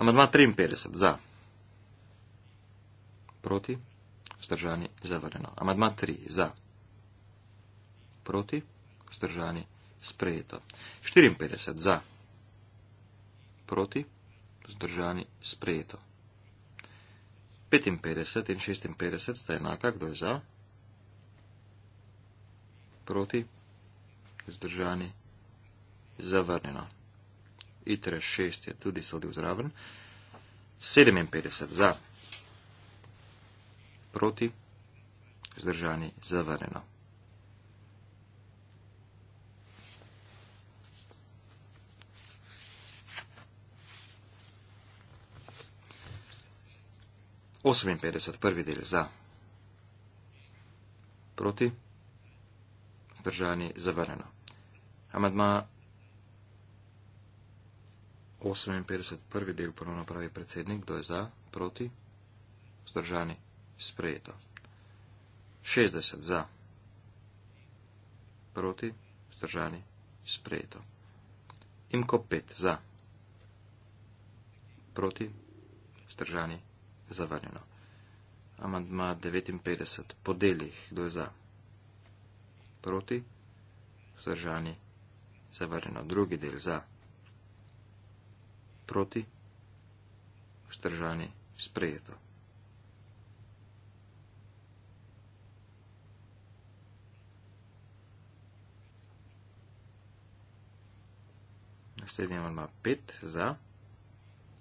S3: Amadma 53. Za. Proti? Vzdržani zavrnjeno. Amadma 3. Za. Proti? Vzdržani sprejeto. 54. Za. Proti? Vzdržani sprejeto. 55 in 56 sta enaka, kdo je za? Proti? Zdržani? Zavrnjeno. ITRE 6 je tudi sodil zraven. 57 za? Proti? Zdržani? Zavrnjeno. 58. prvi del za, proti, zdržani zavrnjeno. Amadma 58. prvi del ponovno pravi predsednik, kdo je za, proti, zdržani sprejeto. 60. za, proti, zdržani sprejeto. Imko 5. za, proti, zdržani sprejeto zavarjeno. Amandma 59. Podelih. Kdo je za? Proti? Zdržani. Zavarjeno. Drugi del za. Proti? Vzdržani. Sprejeto. Naslednji amandma 5 za,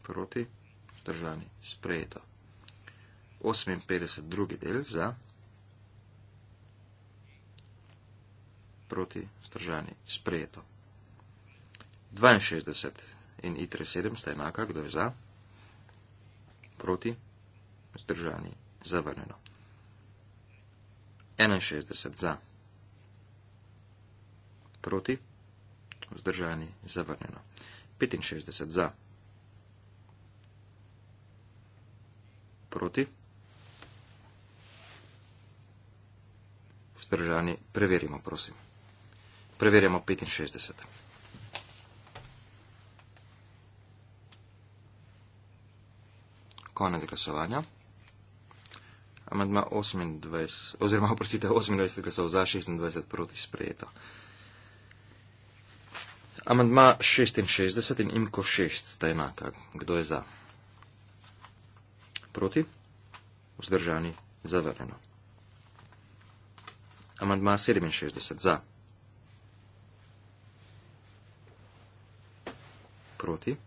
S3: proti, vzdržani, sprejeto. 58. del za proti stržani sprejeto. 62 in I3 7 sta enaka, kdo je za, proti, zdržani, zavrnjeno. 61 za, proti, zdržani, zavrnjeno. 65 za, proti, Zdržani, preverimo, prosim. Preverjamo 65. Konec glasovanja. Amandma 28, oziroma oprostite, 28 glasov za, 26 proti sprejeto. Amandma 66 in imko 6 sta enaka. Kdo je za? Proti? Vzdržani? Zavrnjeno. Amandma 67 za. Proti.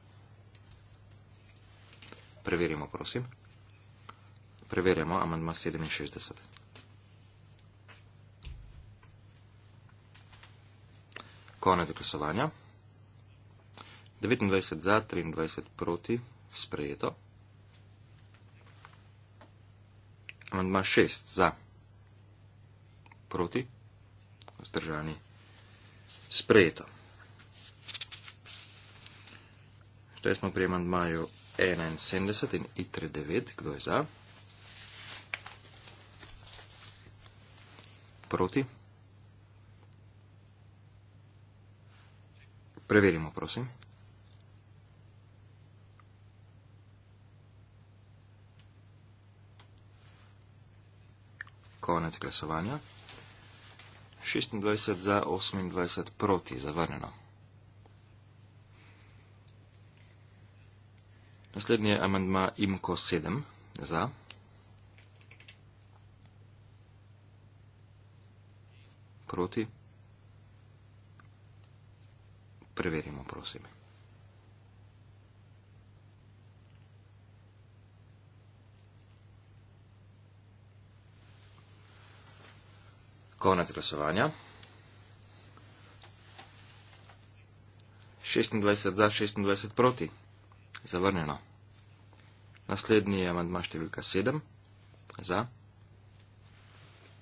S3: Preverimo, prosim. Preverjamo amandma 67. Konec glasovanja. 29 za, 23 proti, sprejeto. Amandma 6 za proti, vzdržani, sprejeto. Zdaj smo pri amandmaju 71 in itre 9, kdo je za? Proti. Preverimo, prosim. Konec glasovanja. 26 za 28 proti, zavrnjeno. Naslednji je amandma IMKO 7 za. Proti. Preverimo, prosim. Konec glasovanja. 26 za, 26 proti. Zavrnjeno. Naslednji je amandma številka 7. Za,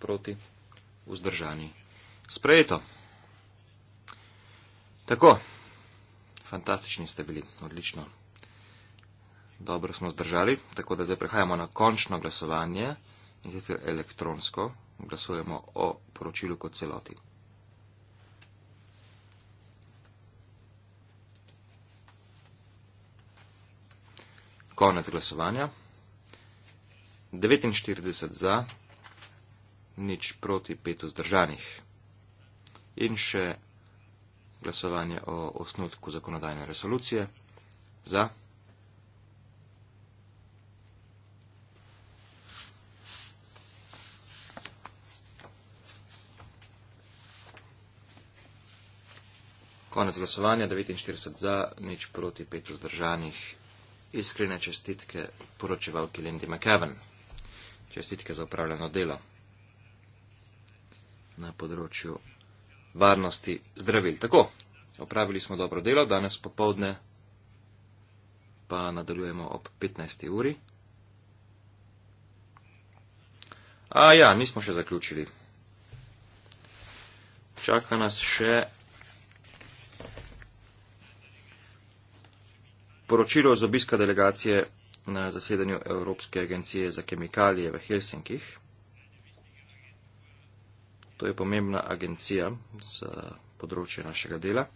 S3: proti, vzdržani. Sprejeto. Tako. Fantastični ste bili. Odlično. Dobro smo zdržali. Tako da zdaj prehajamo na končno glasovanje. In sicer elektronsko glasujemo o poročilu kot celoti. Konec glasovanja. 49 za, nič proti, pet vzdržanih. In še glasovanje o osnutku zakonodajne resolucije. Za. Konec glasovanja, 49 za, nič proti, pet vzdržanih. Iskrene čestitke poročevalki Lindy McEwen. Čestitke za upravljeno delo na področju varnosti zdravil. Tako, opravili smo dobro delo, danes popovdne pa nadaljujemo ob 15. uri. A ja, nismo še zaključili. Čaka nas še poročilo z obiska delegacije na zasedanju Evropske agencije za kemikalije v Helsinkih. To je pomembna agencija za področje našega dela.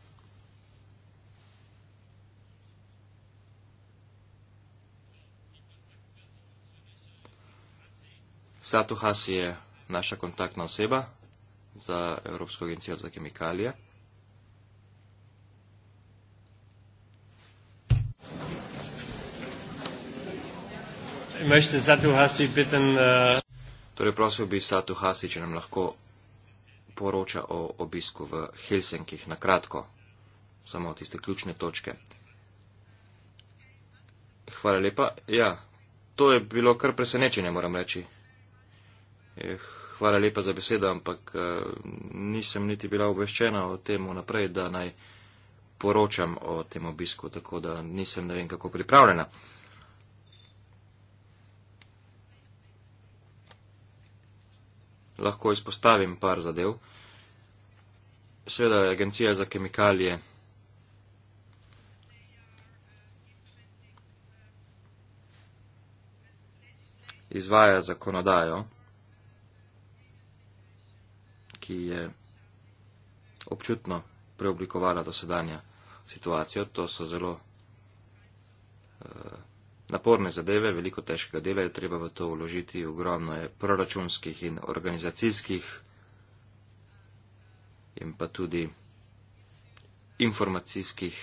S3: Satuhas je naša kontaktna oseba za Evropsko agencijo za kemikalije. möchte Satu Hasi bitten. Uh, torej, prosil bi Satu Hasi, če nam lahko poroča o obisku v Helsinkih na kratko, samo tiste ključne točke. Hvala lepa. Ja, to je bilo kar presenečenje, moram reči. Eh, hvala lepa za besedo, ampak eh, nisem niti bila obveščena o tem naprej, da naj poročam o tem obisku, tako da nisem ne vem kako pripravljena. lahko izpostavim par zadev. Sveda je agencija za kemikalije izvaja zakonodajo, ki je občutno preoblikovala dosedanja situacijo. To so zelo uh, naporne zadeve, veliko težkega dela je treba v to vložiti, ogromno je proračunskih in organizacijskih in pa tudi informacijskih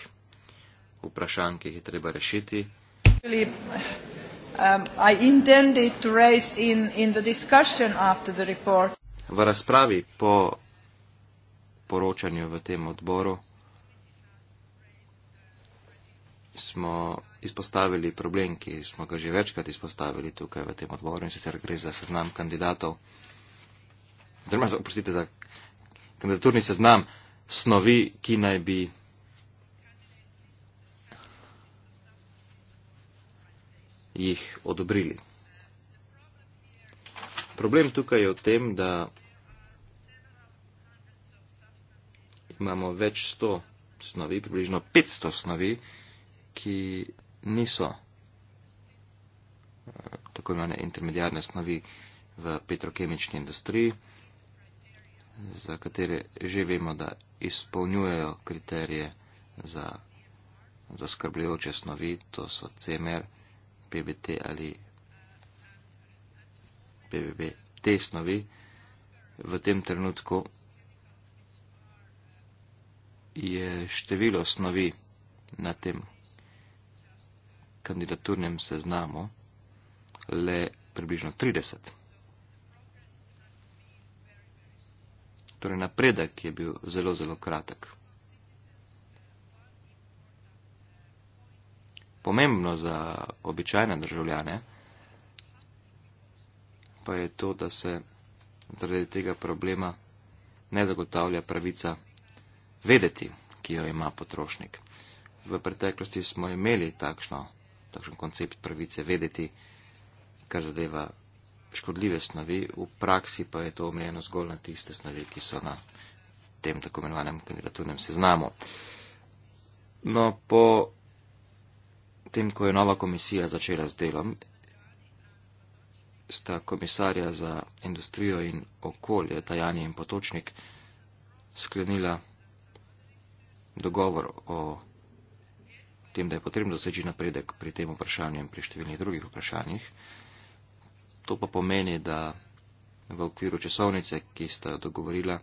S3: vprašanj, ki jih je treba rešiti.
S2: Um,
S3: v razpravi po poročanju v tem odboru smo izpostavili problem, ki smo ga že večkrat izpostavili tukaj v tem odboru in sicer gre za seznam kandidatov, zelo za, oprostite, za kandidaturni seznam snovi, ki naj bi. jih odobrili. Problem tukaj je v tem, da imamo več sto snovi, približno 500 snovi, ki niso eh, tako imenovane intermedijarne snovi v petrokemični industriji, za katere že vemo, da izpolnjujejo kriterije za zaskrbljujoče snovi, to so CMR, PBT ali PBB. Te snovi v tem trenutku je število snovi na tem kandidaturnem seznamu le približno 30. Torej napredek je bil zelo, zelo kratek. Pomembno za običajne državljane pa je to, da se zaradi tega problema ne zagotavlja pravica vedeti, ki jo ima potrošnik. V preteklosti smo imeli takšno takšen koncept pravice vedeti, kar zadeva škodljive snovi, v praksi pa je to omejeno zgolj na tiste snovi, ki so na tem tako imenovanem kandidaturnem seznamu. No, po tem, ko je nova komisija začela z delom, sta komisarja za industrijo in okolje, Tajani in Potočnik, sklenila dogovor o tem, da je potrebno doseči napredek pri tem vprašanju in pri številnih drugih vprašanjih. To pa pomeni, da v okviru časovnice, ki sta jo dogovorila,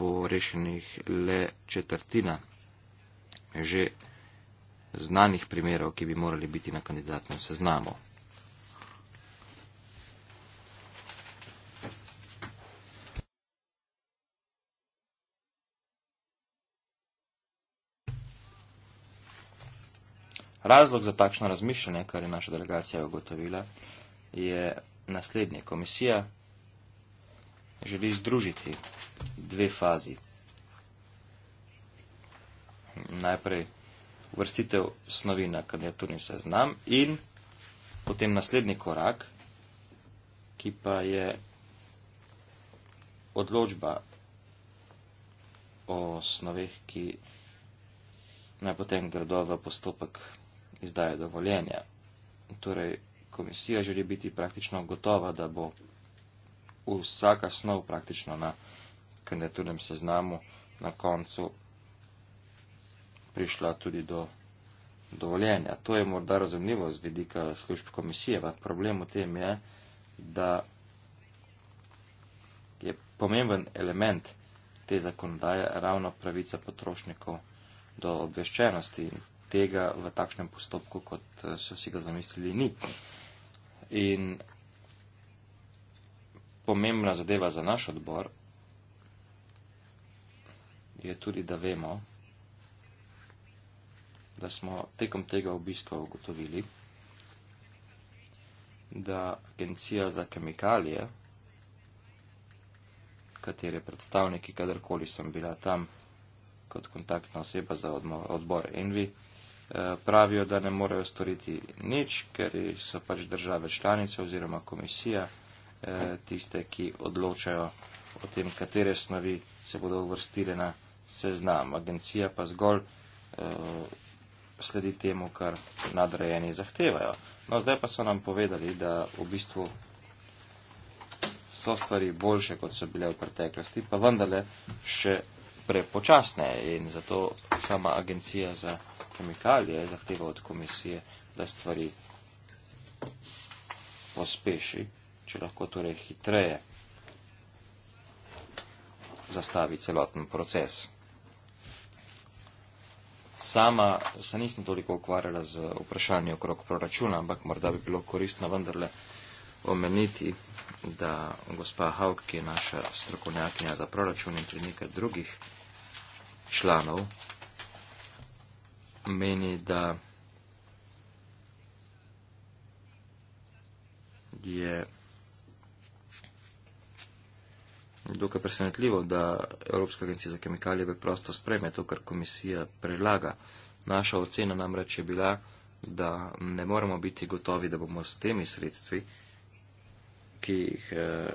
S3: bo rešenih le četrtina že znanih primerov, ki bi morali biti na kandidatnem seznamu. Razlog za takšno razmišljanje, kar je naša delegacija ugotovila, je naslednje. Komisija želi združiti dve fazi. Najprej vrstitev snovi na kandidaturni seznam in potem naslednji korak, ki pa je odločba o snoveh, ki naj potem gredo v postopek izdaje dovoljenja. Torej, komisija želi biti praktično gotova, da bo vsaka snov praktično na kandidaturnem seznamu na koncu prišla tudi do dovoljenja. To je morda razumljivo z vidika služb komisije, ampak problem v tem je, da je pomemben element te zakonodaje ravno pravica potrošnikov do obveščenosti in tega v takšnem postopku, kot eh, so si ga zamislili, ni. In pomembna zadeva za naš odbor je tudi, da vemo, da smo tekom tega obiska ugotovili, da Agencija za kemikalije, katere predstavniki, kadarkoli sem bila tam kot kontaktna oseba za odmo, odbor Envi, Eh, pravijo, da ne morejo storiti nič, ker so pač države članice oziroma komisija eh, tiste, ki odločajo o tem, katere snovi se bodo uvrstile na seznam. Agencija pa zgolj eh, sledi temu, kar nadrejeni zahtevajo. No, zdaj pa so nam povedali, da v bistvu so stvari boljše, kot so bile v preteklosti, pa vendarle še prepočasne in zato sama agencija za komikalije zahteva od komisije, da stvari pospeši, če lahko torej hitreje zastavi celoten proces. Sama se nisem toliko ukvarjala z vprašanjem okrog proračuna, ampak morda bi bilo koristno vendarle omeniti, da gospa Hauk, ki je naša strokovnjakinja za proračun in tudi nekaj drugih članov meni, da je dokaj presenetljivo, da Evropska agencija za kemikalije v prosto spreme to, kar komisija predlaga. Naša ocena namreč je bila, da ne moramo biti gotovi, da bomo s temi sredstvi, ki jih eh,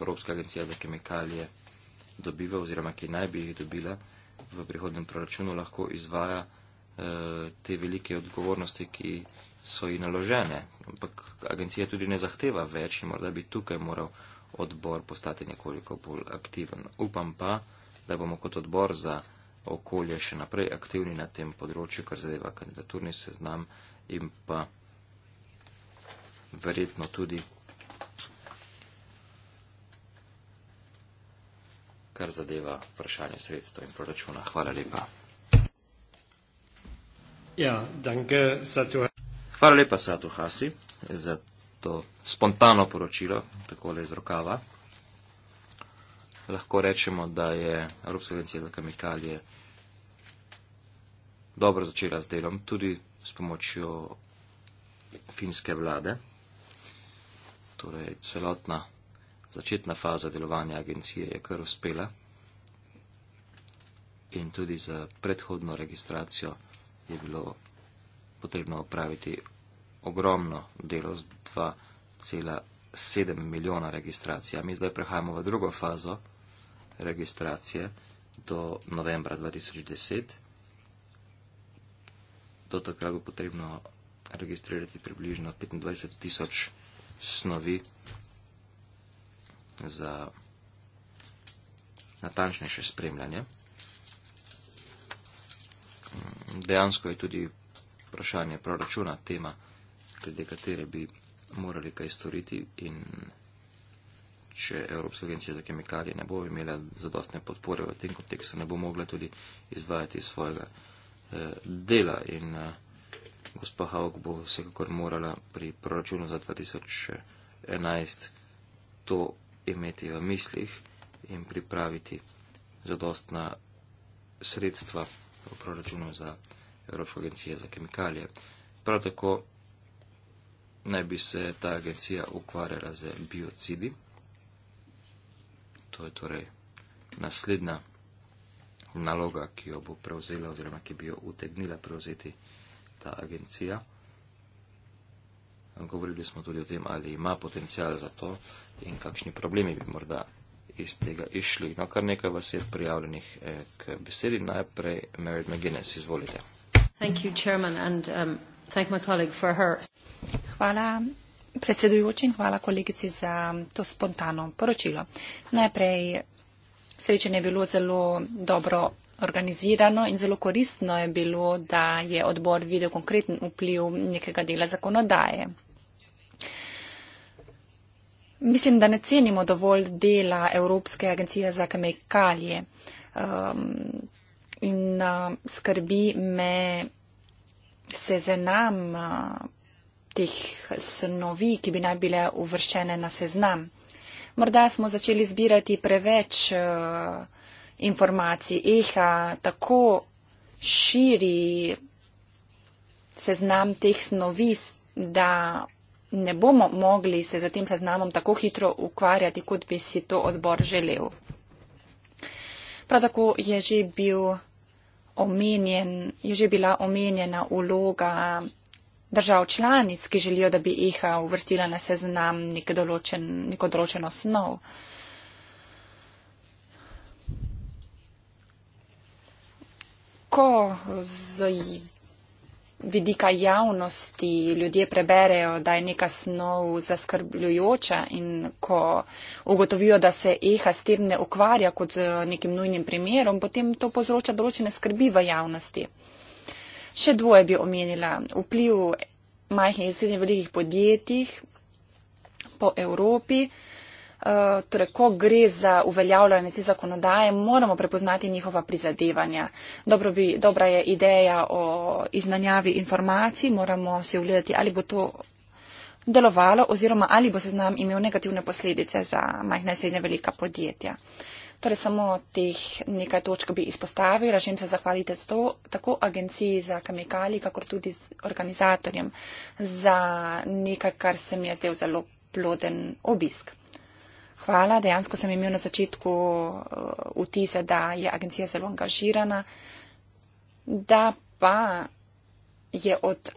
S3: Evropska agencija za kemikalije dobiva oziroma ki naj bi jih dobila, v prihodnem proračunu lahko izvaja eh, te velike odgovornosti, ki so ji naložene. Ampak agencija tudi ne zahteva več in morda bi tukaj moral odbor postati nekoliko bolj aktiven. Upam pa, da bomo kot odbor za okolje še naprej aktivni na tem področju, kar zadeva kandidaturni seznam in pa verjetno tudi kar zadeva vprašanje sredstva in proračuna. Hvala lepa. Ja, danke, Hvala lepa, Satu Hasi, za to spontano poročilo, takole iz rokava. Lahko rečemo, da je Evropska agencija za kemikalije dobro začela z delom, tudi s pomočjo finske vlade. Torej, celotna začetna faza delovanja agencije je kar uspela in tudi za predhodno registracijo je bilo potrebno opraviti ogromno delo z 2,7 milijona registracijami. Zdaj prehajamo v drugo fazo registracije do novembra 2010. Do takrat bo potrebno registrirati približno 25 tisoč snovi za natančnejše spremljanje. Dejansko je tudi vprašanje proračuna tema, glede katere bi morali kaj storiti in če Evropska agencija za kemikalije ne bo imela zadostne podpore v tem kontekstu, ne bo mogla tudi izvajati svojega eh, dela in eh, gospa Havk bo vsekakor morala pri proračunu za 2011 to imeti v mislih in pripraviti zadostna sredstva v proračunu za Evropsko agencijo za kemikalije. Prav tako naj bi se ta agencija ukvarjala z biocidi. To je torej naslednja naloga, ki jo bo prevzela oziroma ki bi jo utegnila prevzeti ta agencija govorili smo tudi o tem, ali ima potencial za to in kakšni problemi bi morda iz tega išli. No, kar nekaj vas je prijavljenih eh, k besedi. Najprej Mary McGuinness, izvolite.
S4: You, and, um, hvala predsedujoči in hvala kolegici za to spontano poročilo. Najprej srečanje je bilo zelo dobro organizirano in zelo koristno je bilo, da je odbor videl konkreten vpliv nekega dela zakonodaje. Mislim, da ne cenimo dovolj dela Evropske agencije za kemikalije. Um, in uh, skrbi me seznam uh, teh snovi, ki bi naj bile uvršene na seznam. Morda smo začeli zbirati preveč uh, informacij. EHA tako širi seznam teh snovi, da ne bomo mogli se za tem seznamom tako hitro ukvarjati, kot bi si to odbor želel. Prav tako je že, bil omenjen, je že bila omenjena vloga držav članic, ki želijo, da bi jih uvrstila na seznam nek določen, neko določeno snov. Ko z vidika javnosti ljudje preberejo, da je neka snov zaskrbljujoča in ko ugotovijo, da se eha s tem ne ukvarja kot z nekim nujnim primerom, potem to povzroča določene skrbi v javnosti. Še dvoje bi omenila. Vpliv majhnih in srednjih velikih podjetij po Evropi. Eh, torej, ko gre za uveljavljanje te zakonodaje, moramo prepoznati njihova prizadevanja. Bi, dobra je ideja o izmenjavi informacij, moramo si ogledati, ali bo to delovalo oziroma ali bo se znam imel negativne posledice za majhne in srednje velika podjetja. Torej, samo teh nekaj točk bi izpostavila. Želim se zahvaliti to, tako agenciji za kemikalije, kakor tudi organizatorjem za nekaj, kar se mi je zdel zelo ploden obisk. Hvala. Dejansko sem imel na začetku eh, vtise, da je agencija zelo angažirana, da pa je od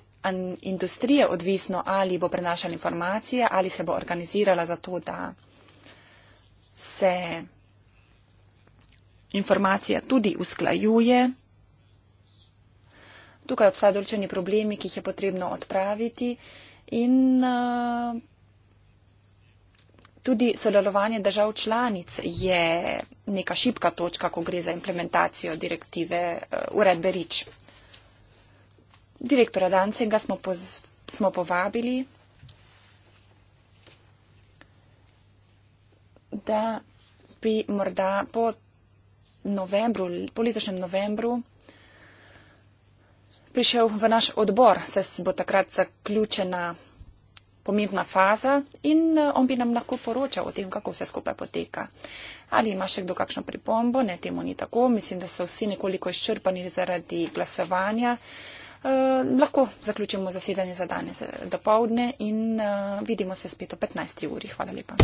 S4: industrije odvisno, ali bo prenašala informacije, ali se bo organizirala za to, da se informacija tudi usklajuje. Tukaj obstajajo določeni problemi, ki jih je potrebno odpraviti in uh, Tudi sodelovanje držav članic je neka šipka točka, ko gre za implementacijo direktive eh, uredbe Rič. Direktora Dancega smo, poz, smo povabili, da bi morda po, novembru, po letošnjem novembru prišel v naš odbor, se bo takrat zaključena pomembna faza in eh, on bi nam lahko poročal o tem, kako vse skupaj poteka. Ali ima še kdo kakšno pripombo? Ne, temu ni tako. Mislim, da so vsi nekoliko izčrpani zaradi glasovanja. Eh, lahko zaključimo zasedanje za danes eh, do povdne in eh, vidimo se spet o 15. uri. Hvala lepa.